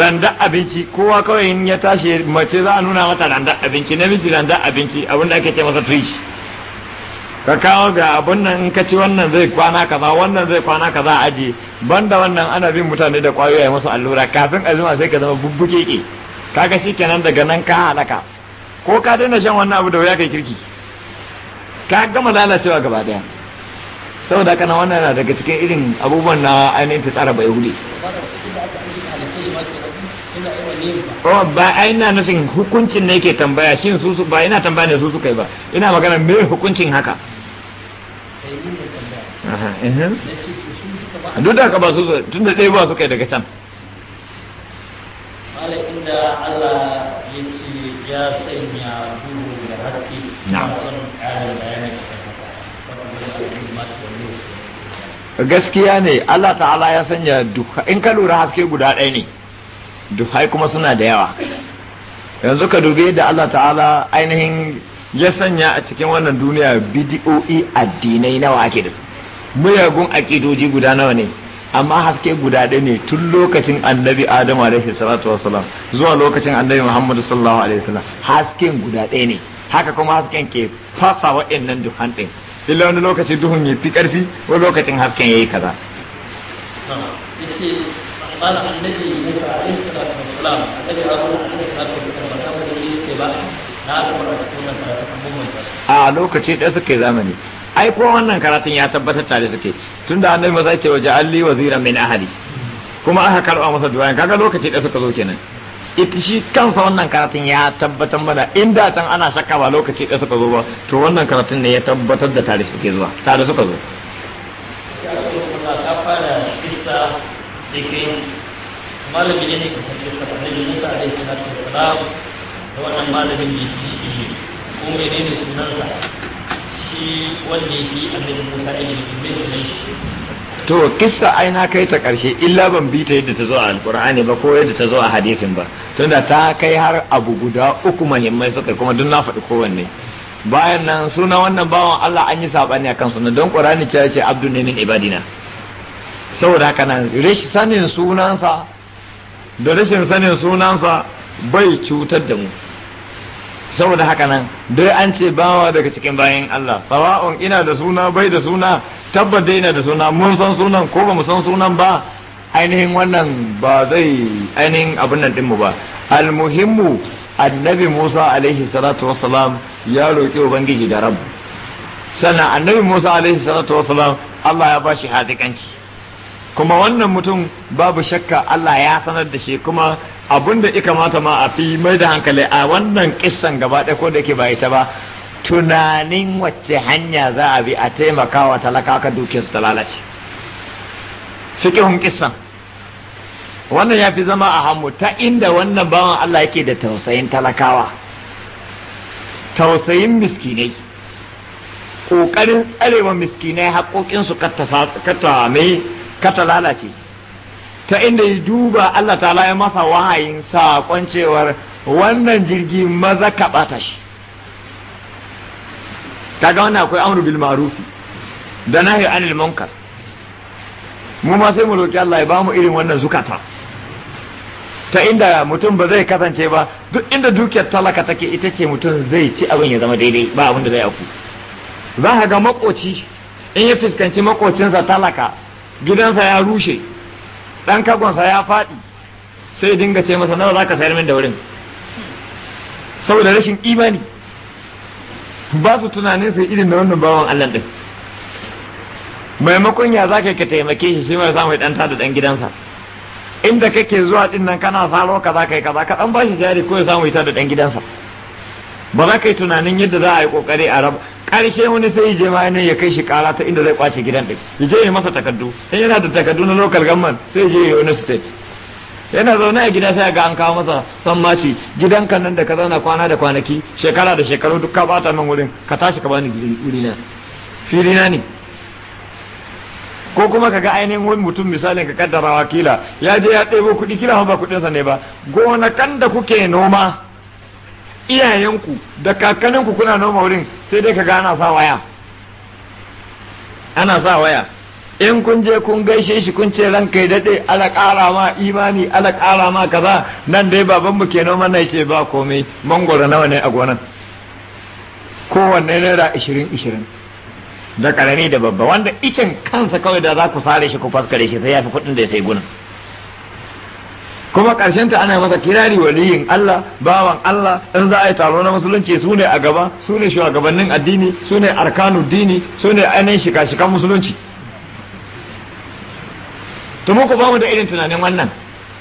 randa abinci kowa kawai in ya tashi mace za a nuna mata randa abinci namiji randa abinci abinda ake ce masa trish ka kawo ga abun nan in ka ci wannan zai kwana kaza wannan zai kwana kaza a aji banda wannan ana bin mutane da kwayoyi musu allura kafin azuma sai ka zama bubbuke ke kaga shikenan daga nan ka halaka ko ka daina shan wannan abu da wuya kai kirki ka gama lalacewa gaba daya saboda kana wannan na daga cikin irin abubuwan na ainihin fitsara bai hudu. Oh, ba a ina nufin hukuncin ne ke tambaya shi su su ba ina tambaya ne su su kai ba ina magana me hukuncin haka duk da haka ba su tun da ɗaya ba su kai daga can inda Allah ya sanya duhu gaskiya ne Allah ta'ala ya sanya duka in ka lura haske guda ɗaya ne duhai kuma suna da yawa yanzu ka dubi da Allah ta'ala ainihin ya sanya a cikin wannan duniya bidiyo'i addinai nawa ake da su muyagun aƙidoji guda nawa ne amma haske guda ɗaya ne tun lokacin annabi adam alaihi salatu wasalam zuwa lokacin annabi muhammadu sallallahu alaihi wasallam hasken guda ɗaya ne haka kuma hasken ke fasa wa'annan duhan ɗin illa wani lokaci duhun ya fi ƙarfi wani lokacin hasken ya yi kaza a lokaci ɗaya suke zamani ai ko wannan karatun ya tabbatar tare suke tunda annabi masa ya ce wa alli waziran min ahli kuma aka karba masa duwayan kaga lokaci da suka zo kenan ita shi kansa wannan karatun ya tabbatar mana inda can ana shakka ba lokaci da suka zo ba to wannan karatun ne ya tabbatar da tare suke zuwa tare suka zo cikin ne ne Musa da wannan malamin da shi ko menene sunansa to kissa ai na kai ta karshe illa ban bi ta yadda ta zo a alkur'ani ba ko yadda ta zo a hadisin ba tunda ta kai har abu guda uku muhimmai suka kuma duk na faɗi kowanne bayan nan suna wannan bawan Allah an yi sabani akan sunan don qur'ani ce ya ce abdu ne min ibadina saboda haka nan rashin sanin sunansa da rashin sanin sunansa bai cutar da mu saboda haka nan dai an ce bawa daga cikin bayan Allah sawa'un ina da suna bai da suna dai ina da suna mun san sunan ko ba mu san sunan ba ainihin wannan ba zai ainihin abin nan mu ba almuhimmu annabi Musa alaihi salatu wassalam ya roki ubangiji da rabu sannan annabi Musa alaihi salatu wassalam Allah ya bashi hazikanci kuma wannan mutum babu shakka Allah ya sanar da shi kuma Abin da ika mata ma a fi mai da hankali a wannan kissan gaba ɗaya ko da ke ba ta ba tunanin wacce hanya za a bi a taimakawa talaka ka su ta lalace fikihun kissan wannan ya fi zama a hamu ta inda wannan bawan Allah yake da tausayin talakawa tausayin miskinai ƙoƙarin tsarewa miskinai haƙoƙinsu kata lalace ta inda ya duba Allah ta'ala ya masa wahayin saƙon cewar wannan jirgi maza ka ɓata shi ga wannan akwai amru bil ma'rufi da nahi anil munkar mu ma sai mu roki Allah ya ba mu irin wannan zukata ta inda mutum ba zai kasance ba duk inda dukiyar talaka take ita ce mutum zai ci abin ya zama daidai ba abin da zai aku za ga makoci in ya fuskanci makocinsa talaka gidansa ya rushe ɗan kagonsa ya faɗi sai dinga ce masa nawa za ka sayar min da wurin saboda rashin imani ba su tunanin sai irin da wannan bawan Allah ɗin maimakon ya za ka taimake shi shi mai samu ɗan da ɗan gidansa inda kake zuwa ɗin nan kana saro ka za ka kaza ka ɗan ba shi jari ko ya samu ita da ɗan gidansa ba za ka yi tunanin yadda za a yi ƙoƙari a raba karshe wani sai je ma ya kai shi kara ta inda zai kwace gidan din ya je masa takardu in yana da takardu na local government sai je ya state yana zaune a gida sai ga an kawo masa san maci kan nan da ka zauna kwana da kwanaki shekara da shekaru duk ka bata nan wurin ka tashi ka bani wurina na ne ko kuma ka ga ainihin wani mutum misalin ka kaddara kila ya je ya ɗebo kuɗi kila ba kuɗinsa ne ba kan da kuke noma iyayenku da kakaninku kuna noma wurin sai dai kaga ana sa waya ana sa waya in kun je kun gaishe shi kun ce ran kai daɗe ala kara ma imani ala kara ma kaza nan dai baban mu ke noma na ce ba komai mangoro nawa ne a gonan kowanne naira ishirin ishirin da ƙarami da babba wanda icin kansa kawai da za ku sare shi ku faskare shi sai ya fi kuɗin da ya sai gunan kuma ƙarshen ta ana masa kirari waliyin Allah bawan Allah in za a yi taro na musulunci su ne a gaba su ne shugabannin addini su ne arkanu dini su ne ainihin shika-shikan musulunci to muku ba mu da irin tunanin wannan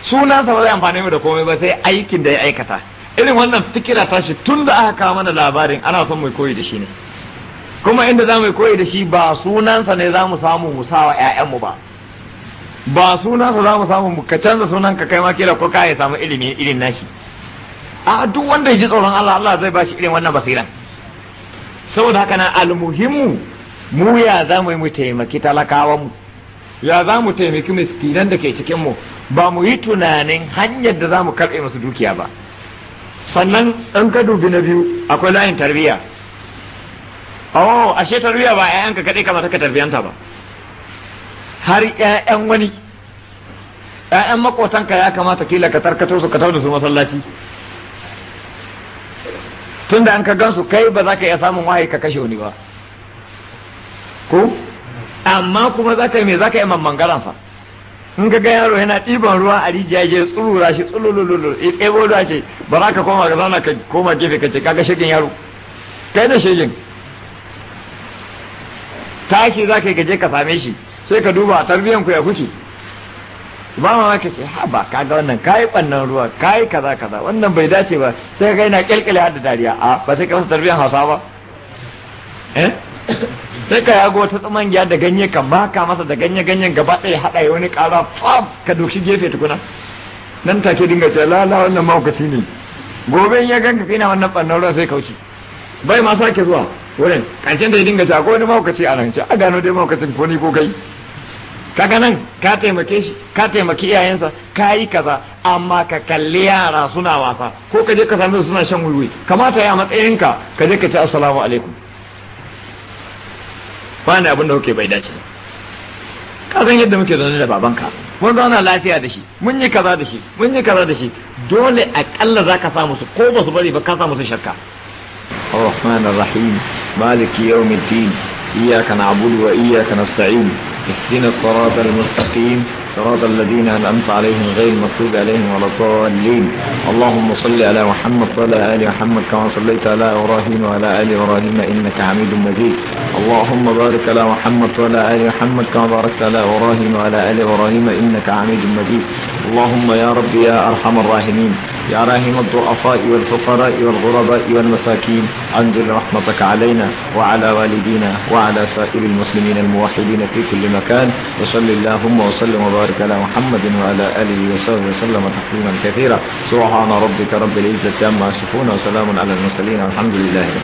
sunansa ba zai amfani mu da komai ba sai aikin da ya aikata irin wannan fikira tashi tun da aka kawo mana labarin ana son mu koyi da shi ne kuma inda za mu koyi da shi ba sunansa ne za mu samu mu sawa 'ya'yanmu ba ba suna su za mu samu ka canza sunan ka kai ma kila ko ka ya samu ilimi irin nashi a duk wanda ya ji tsoron Allah Allah zai bashi irin wannan basiran saboda haka na almuhimmu mu ya za mu yi mu taimaki talakawan mu ya za mu taimaki miskinan da ke cikin mu ba mu yi tunanin hanyar da za mu karbe musu dukiya ba sannan in ka dubi na biyu akwai layin tarbiyya oh ashe tarbiyya ba 'ya'yanka kaɗai kamata ka tarbiyanta ba har ƴaƴan wani ƴaƴan makotanka ya kamata kila ka tarkato su ka tauda su masallaci tunda an ka gansu kai ba za ka iya samun wahayi ka kashe wani ba ko amma kuma za ka yi me za ka yi garansa? in ka ga yaro yana ɗiban ruwa a rijiya je tsurura shi tsululululu in ɗebo ruwa ce ba za ka koma ka zana ka koma gefe ka ce kaga shigin yaro kai da shigin tashi za ka yi ka je ka same shi sai ka duba tarbiyan ku ya kuke ba ma ka ce ha ba kaga wannan kai bannan ruwa kai kaza kaza wannan bai dace ba sai ka yana kyalkyale har da dariya a ba sai ka masa tarbiyan hausa ba eh sai ka yago ta tsaman giya da ganye ka baka masa da ganye ganyen gaba ɗaya hada ya wani ƙara fam ka doki gefe tukuna nan take dinga ce lala wannan mahaukaci ne gobe in ya ganka kai wannan bannan ruwa sai kauce bai ma sake zuwa wurin karshen da ya dinga cewa ko wani mahaukaci a nan ce a gano dai mahaukacin ko ni ko kai kaga nan ka taimake shi ka taimaki iyayensa ka yi kaza amma ka kalli yara suna wasa ko ka je ka same suna shan wuri kamata ya matsayinka ka je ka ce assalamu alaikum ba ne abin da kuke bai dace ka san yadda muke zaune da babanka mun zauna lafiya da shi mun yi kaza da shi mun yi kaza da shi dole akalla za ka sa musu ko ba su bari ba ka sa musu shakka الرحمن الرحيم مالك يوم الدين إياك نعبد وإياك نستعين اهدنا الصراط المستقيم صراط الذين أنعمت عليهم غير المغضوب عليهم ولا الضالين اللهم صل على محمد وعلى آل محمد كما صليت على إبراهيم وعلى آل إبراهيم إنك حميد مجيد اللهم بارك على محمد وعلى آل محمد كما باركت على إبراهيم وعلى آل إبراهيم إنك حميد مجيد اللهم يا رب يا أرحم الراحمين يا راحم الضعفاء والفقراء والغرباء والمساكين أنزل رحمتك علينا وعلى والدينا وعلى وعلى سائر المسلمين الموحدين في كل مكان وصل اللهم وسلم وبارك على محمد وعلى آله وصحبه وسلم تسليما كثيرا سبحان ربك رب العزة عما يصفون وسلام على المرسلين والحمد لله